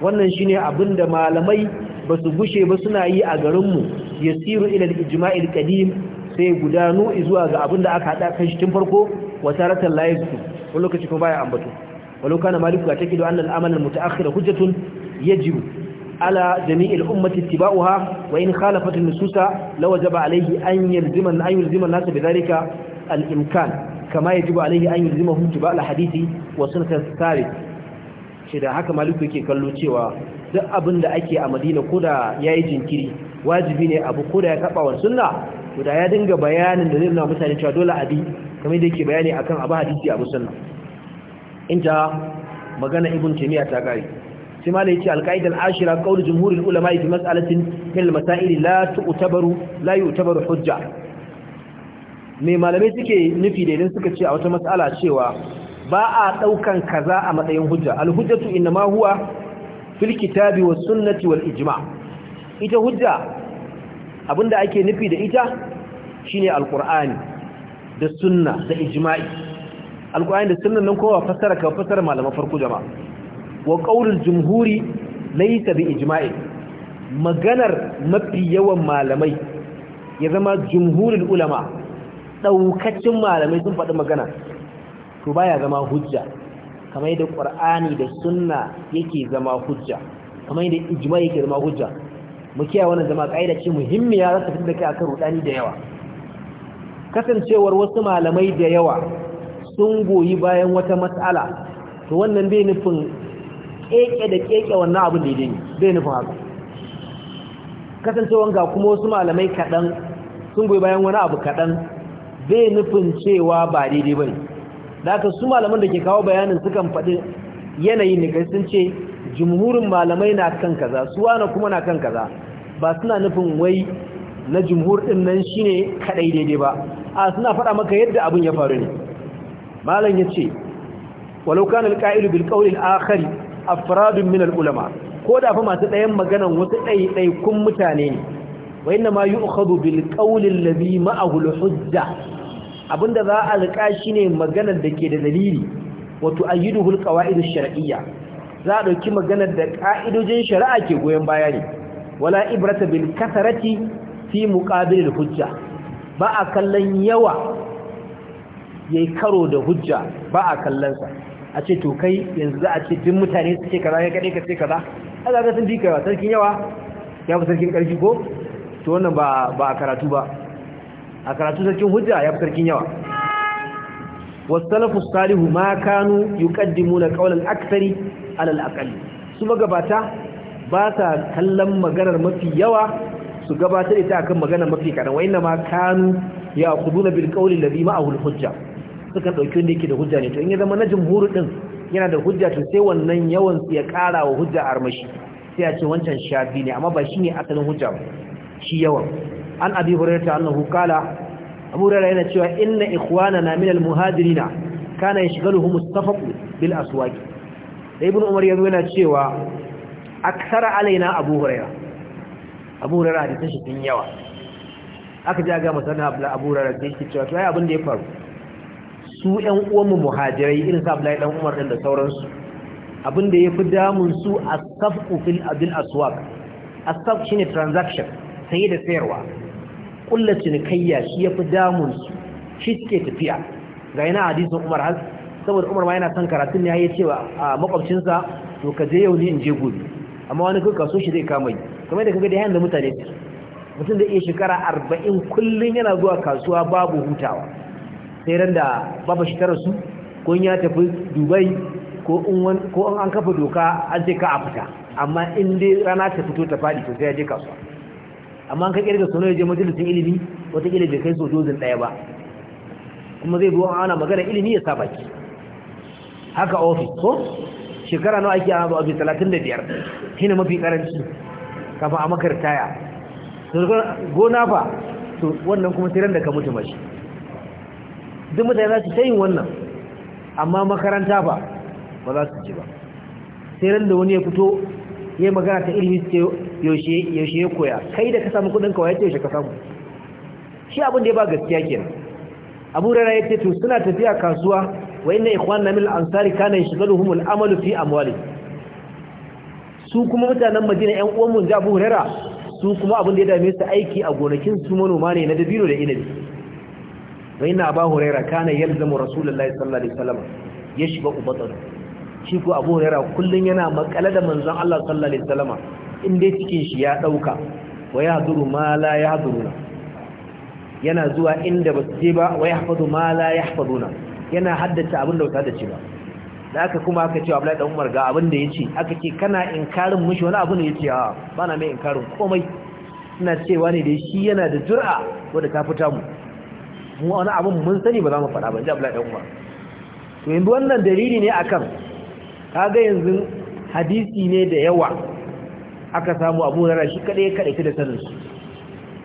wannan shine abinda malamai basu gushe ba suna yi a garin mu yasiru ila al-ijma'il qadim sai gudanu zuwa ga abinda aka hada kan shi tun farko wa taratan la yasu wani lokaci kuma baya ambato walau kana maliku ga takidu annal amal al-muta'akhir hujjatun yajibu على جميع الأمة اتباعها وإن خالفت النصوص لوجب عليه أن يلزم أن يلزم الناس al الإمكان kama yajibu alaihi an yuzima hu tiba alhadisi wa sunnat da haka maliku yake kallo cewa duk abin da ake a madina ya yi jinkiri wajibi ne abu koda ya kaba wa sunna ya dinga bayanin da zai nuna mutane cewa dole abi kamar da yake bayani akan abu hadisi abu sunna inta magana ibn taymiya ta kare sai ya ce alqaidal ashira qaul jumhurul ulama fi matsalatin min almasail la tu'tabaru la yu'tabaru hujja mai malamai suke nufi da idan suka ce a wata matsala cewa ba a ɗaukan kaza a matsayin hujja alhujjatu innama huwa fil kitabi was sunnati wal ijma ita hujja abinda ake nufi da ita shine alqur'ani da sunna da ijma'i alqur'ani da sunnan nan kowa fassara ka fassara malaman farko jama'a wa qaulul jumhuri laysa bi ijma'i maganar mafi yawan malamai ya zama jumhurul ulama ɗaukacin malamai sun faɗi magana to baya zama hujja kamar yadda ƙwar'ani da sunna yake zama hujja kamar yadda ijma yake zama hujja mu kiyaye wannan zama ƙa'ida ce muhimmiya za ta fi da kai akan rudani da yawa kasancewar wasu malamai da yawa sun goyi bayan wata matsala to wannan bai nufin ƙeƙe da ƙeƙe wannan abin da ne bai nufin haka kasancewar ga kuma wasu malamai kaɗan sun goyi bayan wani abu kaɗan Zai nufin cewa ba daidai bane da aka su malaman da ke kawo bayanin sukan faɗi yanayi ne kai sun ce jumhurin malamai na kan kaza su wani kuma na kan kaza ba suna nufin wai na jumhur din nan shine kadai daidai ba a suna faɗa maka yadda abun ya faru ne malam ya ce kana alqa'ilu bil qawli al-akhari afradun min al-ulama ko da fa masu ɗayan maganan wasu ɗaiɗaikun mutane ne wa inna ma yu'khadhu bil qawli alladhi ma'ahu al hujja abinda za a rika shine maganar da ke da dalili wato ayyiduhu al qawaid al shar'iyya za a dauki maganar da ka'idojin shari'a ke goyen baya ne wala ibrata bil kasarati fi muqabil al hujja ba a kallon yawa yayi karo da hujja ba a kallon sa a ce to kai yanzu za a ce din mutane su ce kaza kai kadai ka ce kaza a ga sun bi kai sarkin yawa ya fi sarkin karfi ko to wannan ba a karatu ba a karatu sarkin hujja ya fi sarkin yawa wasalafu salihu ma kanu yuqaddimuna qawlan aksari ala al su magabata ba sa kallon maganar mafi yawa su gabatar ita akan maganar mafi karan wa inna ma kanu ya'khuduna bil qawli alladhi ma'ahu al-hujja suka dauki wanda yake da hujja ne to in ya zama na jumhur din yana da hujja to sai wannan yawan ya ƙara wa hujja armashi sai a ce wancan shafi ne amma ba shine asalin hujja ba shi yawan an abi hurairata annahu qala abu hurairah yana cewa inna ikhwanana min almuhajirina kana yashghaluhum as-safaq bil aswaq ibn umar yazo yana cewa aksara alaina abu hurairah abu hurairah da tashi din yawa aka ji ga masana abla abu hurairah da yake cewa to ai abin da ya faru su ƴan uwanmu muhajirai irin sa Abdullahi dan Umar din da sauransu abin da yafi damun su as-safqu fil abil aswaq as-safq shine transaction saye da sayarwa kulla cinikayya shi yafi fi damun su shi suke tafiya ga yana hadisin umar has saboda umar ma yana son karatun ne ya ce wa makwabcinsa to ka je yau ni in je gobe amma wani kuka so shi zai kama yi kamar da kaga da yayin mutane su mutum da iya shekara arba'in kullum yana zuwa kasuwa babu hutawa sai ran da babu shi ta su ko ya tafi dubai ko in an kafa doka an sai ka a fita amma in dai rana ta fito ta faɗi to sai ya je kasuwa amma an ka kirga ya je majalisin ilimi watakila bai kai sojojin ɗaya ba kuma zai zo ana magana ilimi ya sa baki haka ofis ko shekara nawa ake ana zuwa ofis talatin da biyar shine mafi karanci kafa a makar taya gona fa to wannan kuma sai ran da ka mutu mashi duk mutane za su ta yin wannan amma makaranta ba ba za su ji ba sai ran da wani ya fito ya magana ta ilimi yaushe ya koya kai da ka samu kudin kawai yaushe ka samu shi abin da ya ba gaskiya kenan abu rana ya ce suna tafiya kasuwa wa inna ikhwanna min ansari kana yashghaluhum al-amalu fi amwali su kuma mutanen Madina yan uwan mun Abu rera? su kuma abin da ya dame su aiki a gonakin su manoma ne na dabino da inabi wa ina Abu hurera kana yalzamu Rasulullahi sallallahu alaihi wasallam shiga shi ko abu huraira kullum yana makale da manzon Allah sallallahu alaihi wasallam in dai cikin shi ya dauka wa yahduru ma la yahduruna yana zuwa inda ba su je ba wa yahfazu ma la yahfazuna yana haddace abin da wata da ce ba da aka kuma aka ce Abdullahi dan Umar ga abin da yace aka ce kana inkarin mushi wani abu ne yace a ba na mai inkarin komai ina cewa ne da shi yana da jur'a wanda ta fita mu mu wani abin mun sani ba za mu faɗa ba ji Abdullahi dan Umar to yanzu wannan dalili ne akan kaga yanzu hadisi ne da yawa aka samu abu da shi kadai kadai ta da saninsu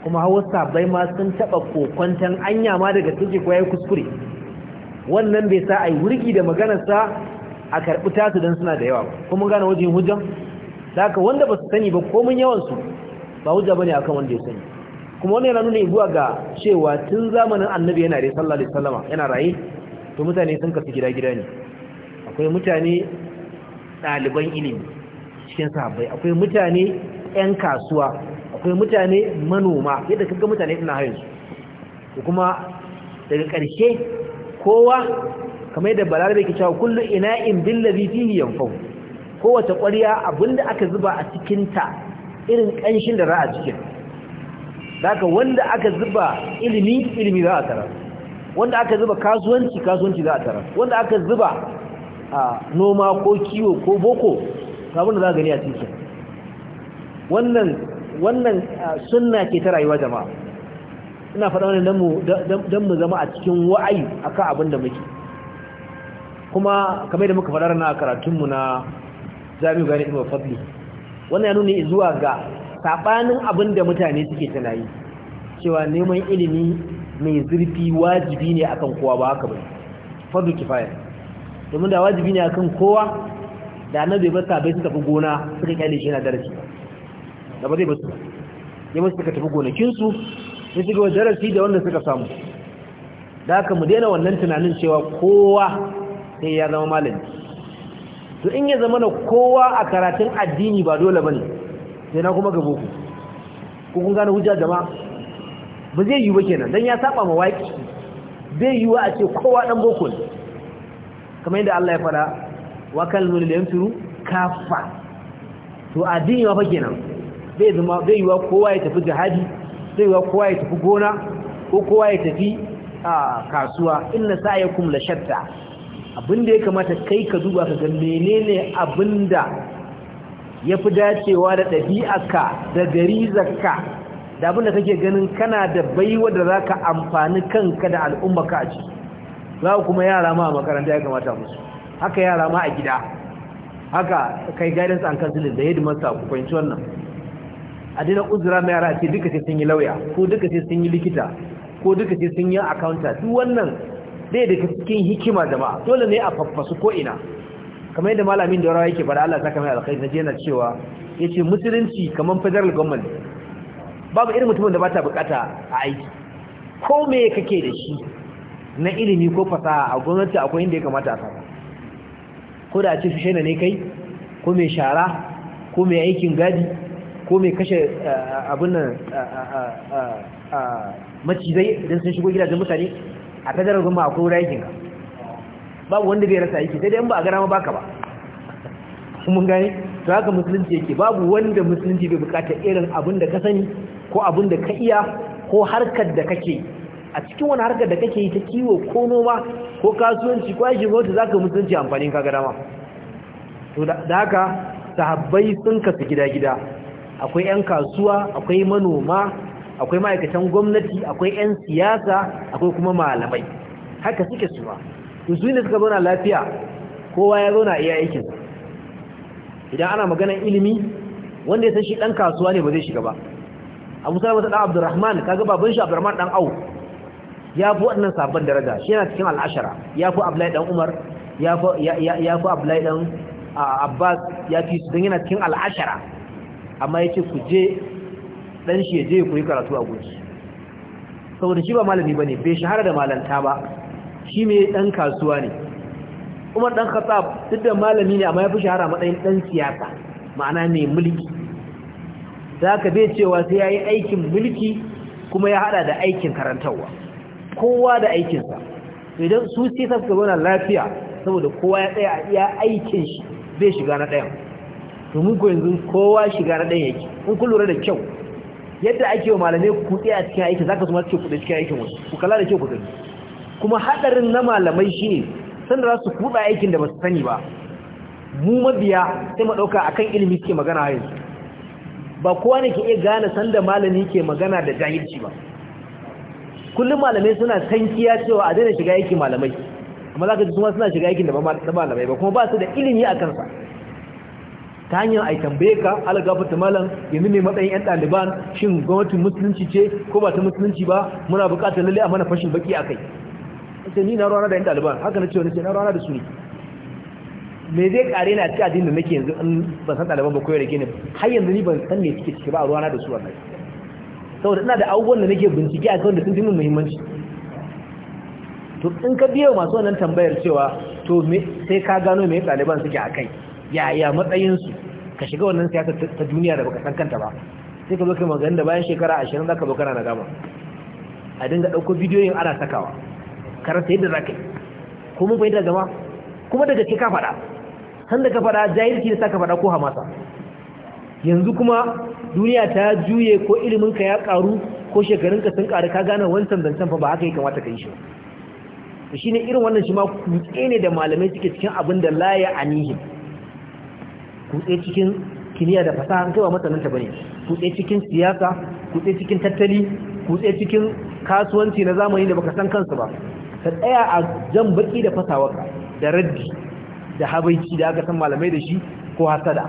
kuma hawa sabai ma sun taba kokwantan anya ma daga suke ko yayi kuskure wannan bai sa ai wurgi da maganar sa a karbi tasu dan suna da yawa kuma gane wajen hujjan haka wanda ba su sani ba komun yawan su ba hujja bane akan wanda ya sani kuma wani yana nuna ibuwa ga cewa tun zamanin annabi yana da sallallahu alaihi wasallama yana raye to mutane sun kafi gida-gida ne akwai mutane ɗaliban ilimi cikin sahabbai akwai mutane 'yan kasuwa akwai mutane manoma yadda kaga mutane ina hayansu kuma daga ƙarshe kowa kamar yadda balarabe ke cewa kullu ina'in billazi fihi yanfau kowace ƙwarya abinda aka zuba a cikin ta irin ƙanshin da za a cikin daga wanda aka zuba ilimi ilimi za a tarar wanda aka zuba kasuwanci kasuwanci za a tarar wanda aka zuba a noma ko kiwo ko boko abin da za gani a cikin wannan wannan sunna ke ta rayuwa jama'a ina faɗa wannan dan mu dan mu zama a cikin wa'ayi a abin da muke kuma kamar da muka faɗa rana karatun mu na Jami'u Gani Ibn Fadli wannan ya nuni zuwa ga sabanin abin da mutane suke tunayi cewa neman ilimi mai zurfi wajibi ne akan kowa ba haka ba fadu kifaya domin da wajibi ne akan kowa da annabi ba ta bai su tafi gona suka kyale shi na darasi da ba zai basu ya masu suka tafi su ya shiga wa darasi da wanda suka samu da haka mu daina wannan tunanin cewa kowa sai ya zama malami to in ya zama na kowa a karatun addini ba dole ba ne sai na kuma gabo ku ko kun gane hujja jama'a ba zai yi ba kenan don ya saba ma waki zai yi wa a ce kowa dan boko ne kamar yadda Allah ya fada wa kalmul yamturu kafa to addini wa fa nan zai zama zai yiwa kowa ya tafi jihadi zai yiwa kowa ya tafi gona ko kowa ya tafi a kasuwa inna sa'yakum la shatta abinda ya kamata kai ka duba ka ga menene abinda yafi dacewa da dabi'arka da zakka da abinda kake ganin kana da baiwa da zaka amfani kanka da al'ummarka a ciki za kuma yara ma a makaranta ya kamata musu haka yara ma a gida haka kai guidance and counseling da masa ku fahimci wannan a dina uzura mai yara ce duka ce sun yi lauya ko duka ce sun yi likita ko duka ce sun yi akawunta. duk wannan zai daga cikin hikima jama'a dole ne a faffasu ko ina kamar yadda malamin da rawa yake fara Allah saka mai alkhairi na yana cewa yace musulunci kamar federal government babu irin mutumin da bata bukata a aiki ko me kake da shi na ilimi ko fasaha a gwamnati akwai inda ya kamata a saka ko da a ce su ne kai ko mai shara ko mai aikin gadi ko mai kashe eh, abin nan eh, eh, macizai idan sun shigo gidajen mutane a kadarar zama akwai wurin aikin ka babu wanda bai rasa aiki sai dai in ba a gara ma baka ba mun gane to haka musulunci yake babu wanda musulunci bai bukata irin abin da ka sani ko abin da ka iya ko harkar da kake a cikin wani harkar da kake yi ta kiwo ko noma ko kasuwanci ko aikin gwamnati za ka mutunci amfanin ka gada to da haka sahabbai sun kasu gida-gida akwai 'yan kasuwa akwai manoma akwai ma'aikatan gwamnati akwai 'yan siyasa akwai kuma malamai haka suke suwa su ne suka zauna lafiya kowa ya zauna iya aikinsa idan ana maganar ilimi wanda ya san shi ɗan kasuwa ne ba zai shiga ba abu salama ta ɗan abdurrahman kaga baban shi abdurrahman ɗan au ya fi wannan sabon daraja shi yana cikin al'ashara ya fi abu ɗan umar ya fi abu ɗan abbas ya fi su don yana cikin al'ashara amma ya ce ku je ɗan shi ya je ku yi karatu a guji saboda shi ba malami ba ne bai shahara da malanta ba shi mai ɗan kasuwa ne umar ɗan kasa duk da malami ne amma ya fi shahara matsayin ɗan siyasa ma'ana mai mulki za ka bai cewa sai ya yi aikin mulki kuma ya haɗa da aikin karantarwa kowa da aikinsa idan su ce sa suka zauna lafiya saboda kowa ya tsaya ya aikin shi zai shiga na ɗayan domin ko yanzu kowa shiga na ɗayan yake in kun lura da kyau yadda ake wa malamai ku kuɗi a cikin aikin zaka zama ce kuɗi cikin aikin wasu ku kala da kyau ku gani kuma haɗarin na malamai shine san da za su kuɗa aikin da ba su sani ba mu mabiya sai mu ɗauka akan ilimi suke magana yanzu ba kowa ne ke iya gane sanda malami ke magana da jahilci ba kullum malamai suna tankiya cewa a daina shiga aikin malamai amma za ka ji kuma suna shiga aikin da malamai ba kuma ba su da ilimi a kansa ta hanyar a tambaye ka ta malam ya nuna matsayin 'yan ɗaliban shin gwamnatin musulunci ce ko ba ta musulunci ba muna buƙatar lalle a mana fashin baki a kai ce ni na rana da 'yan ɗaliban haka na ce wani ce na rana da su ne me zai ƙare na cikin addinin da nake yanzu in ban san ɗaliban ba koyar da gini har yanzu ni ban san me suke ciki ba a rana da su wannan saboda ina da abubuwan da nake bincike a kan da sun fi min muhimmanci to in ka biya masu wannan tambayar cewa to sai ka gano me ɗaliban suke a kai yaya matsayinsu ka shiga wannan siyasa ta duniya da baka san kanta ba sai ka zo kai magana da bayan shekara ashirin zaka bakana na gama a dinga ɗauko bidiyoyin ana sakawa karanta yadda za ka yi kuma bai da gama kuma daga ce ka faɗa san da ka faɗa jahilci ne sa ka faɗa ko hamasa yanzu kuma duniya ta juye ko iliminka ya karu ko shekarunka sun karu ka gane wancan zancen fa ba haka yake kamata ka yi shi ba shi ne irin wannan shi ma kutse ne da malamai suke cikin abin da laye anihi kutse cikin kimiyya da fasaha an kai ba ne kutse cikin siyasa kutse cikin tattali kutse cikin kasuwanci na zamani da baka san kansu ba ka tsaya a jan baki da fasawarka da raddi da habaici da aka san malamai da shi ko hasada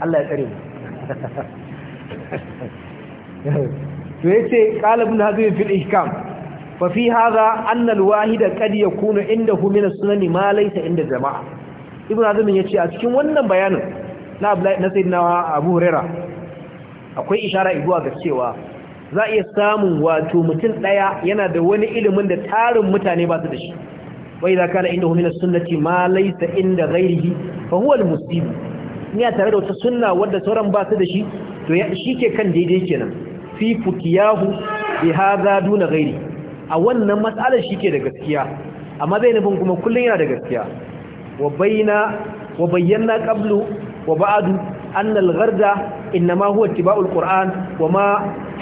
Allah ya tsare mu to yace qala ibn hazm fil ihkam fa fi hadha anna al wahida qad yakunu hu min sunani ma laysa inda jama'a ibn hazm yace a cikin wannan bayanin na abdullahi na sayyidina abu huraira akwai ishara zuwa ga cewa za iya samun wato mutum daya yana da wani ilimin da tarin mutane ba su da shi wai za kana inda hu min sunnati ma laysa inda ghairihi fa huwa al ina tare da wata sunna wadda sauran ba su da shi to shi ke kan daidai kenan fi fukiyahu bi hadha duna gairi. a wannan matsalar shi ke da gaskiya amma zai nufin kuma kullun yana da gaskiya wa wa bayyana qablu wa ba'du anna al-gharda inma huwa ittiba'ul qur'an wa ma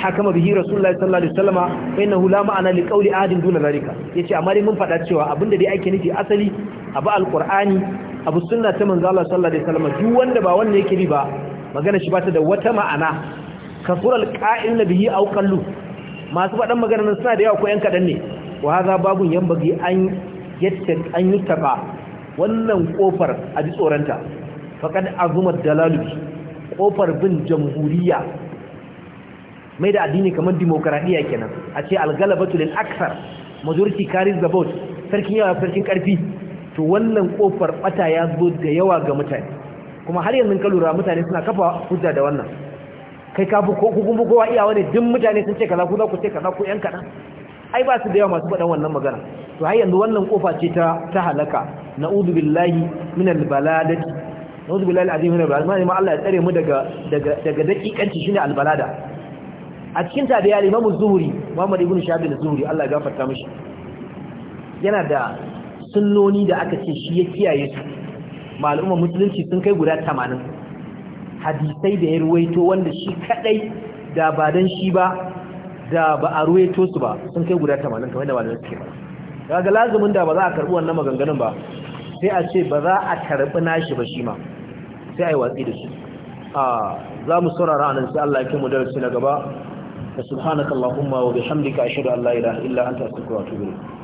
hakama bihi rasulullahi sallallahu alaihi wasallama fa innahu la ma'ana li qawli ahadin duna zalika yace amma dai mun faɗa cewa abinda dai ake nufi asali a ba alqur'ani abu sunna ta manzo Allah sallallahu alaihi wasallam duk wanda ba wanda yake bi ba magana shi bata da wata ma'ana kasural qa'il nabiyyi aw qallu masu fadan magana nan suna da yawa ko yan kadan ne wa hadha babun yambagi an yatta an yutaba wannan kofar a ji tsoranta faqad azuma dalalu kofar bin jamhuriyya mai da addini kamar demokradiya kenan a ce algalabatu lil aksar majority carries the vote sarkin yawa sarkin karfi to wannan kofar bata ya zo da yawa ga mutane kuma har yanzu ka lura mutane suna kafa hujja da wannan kai ka fi kuma kowa iyawa ne duk mutane sun ce kaza ku za ku ce kaza ku yan kaɗan ai ba su da yawa masu faɗan wannan magana to har yanzu wannan kofa ce ta ta halaka na'udhu billahi min albaladati na'udhu billahi alazim min albaladati ma Allah ya tsare mu daga daga daga dakikanci shine albalada a cikin ta da ya limamu zuhuri, Muhammad ibn Shahab zuhuri Allah ya gafarta mishi yana da sunnoni da aka ce shi ya kiyaye su malumar musulunci sun kai guda tamanin hadisai da ya ruwaito wanda shi kadai da ba don shi ba da ba a ruwaito su ba sun kai guda tamanin kamar da da suke ba daga lazumin da ba za a karbi wannan maganganun ba sai a ce ba za a karbi nashi ba shi ma sai a yi watsi da shi za mu saurara a nan sai Allah ya kai mu darasi na gaba subhanakallahumma wa bihamdika ashhadu an la ilaha illa anta astaghfiruka wa atubu ilayk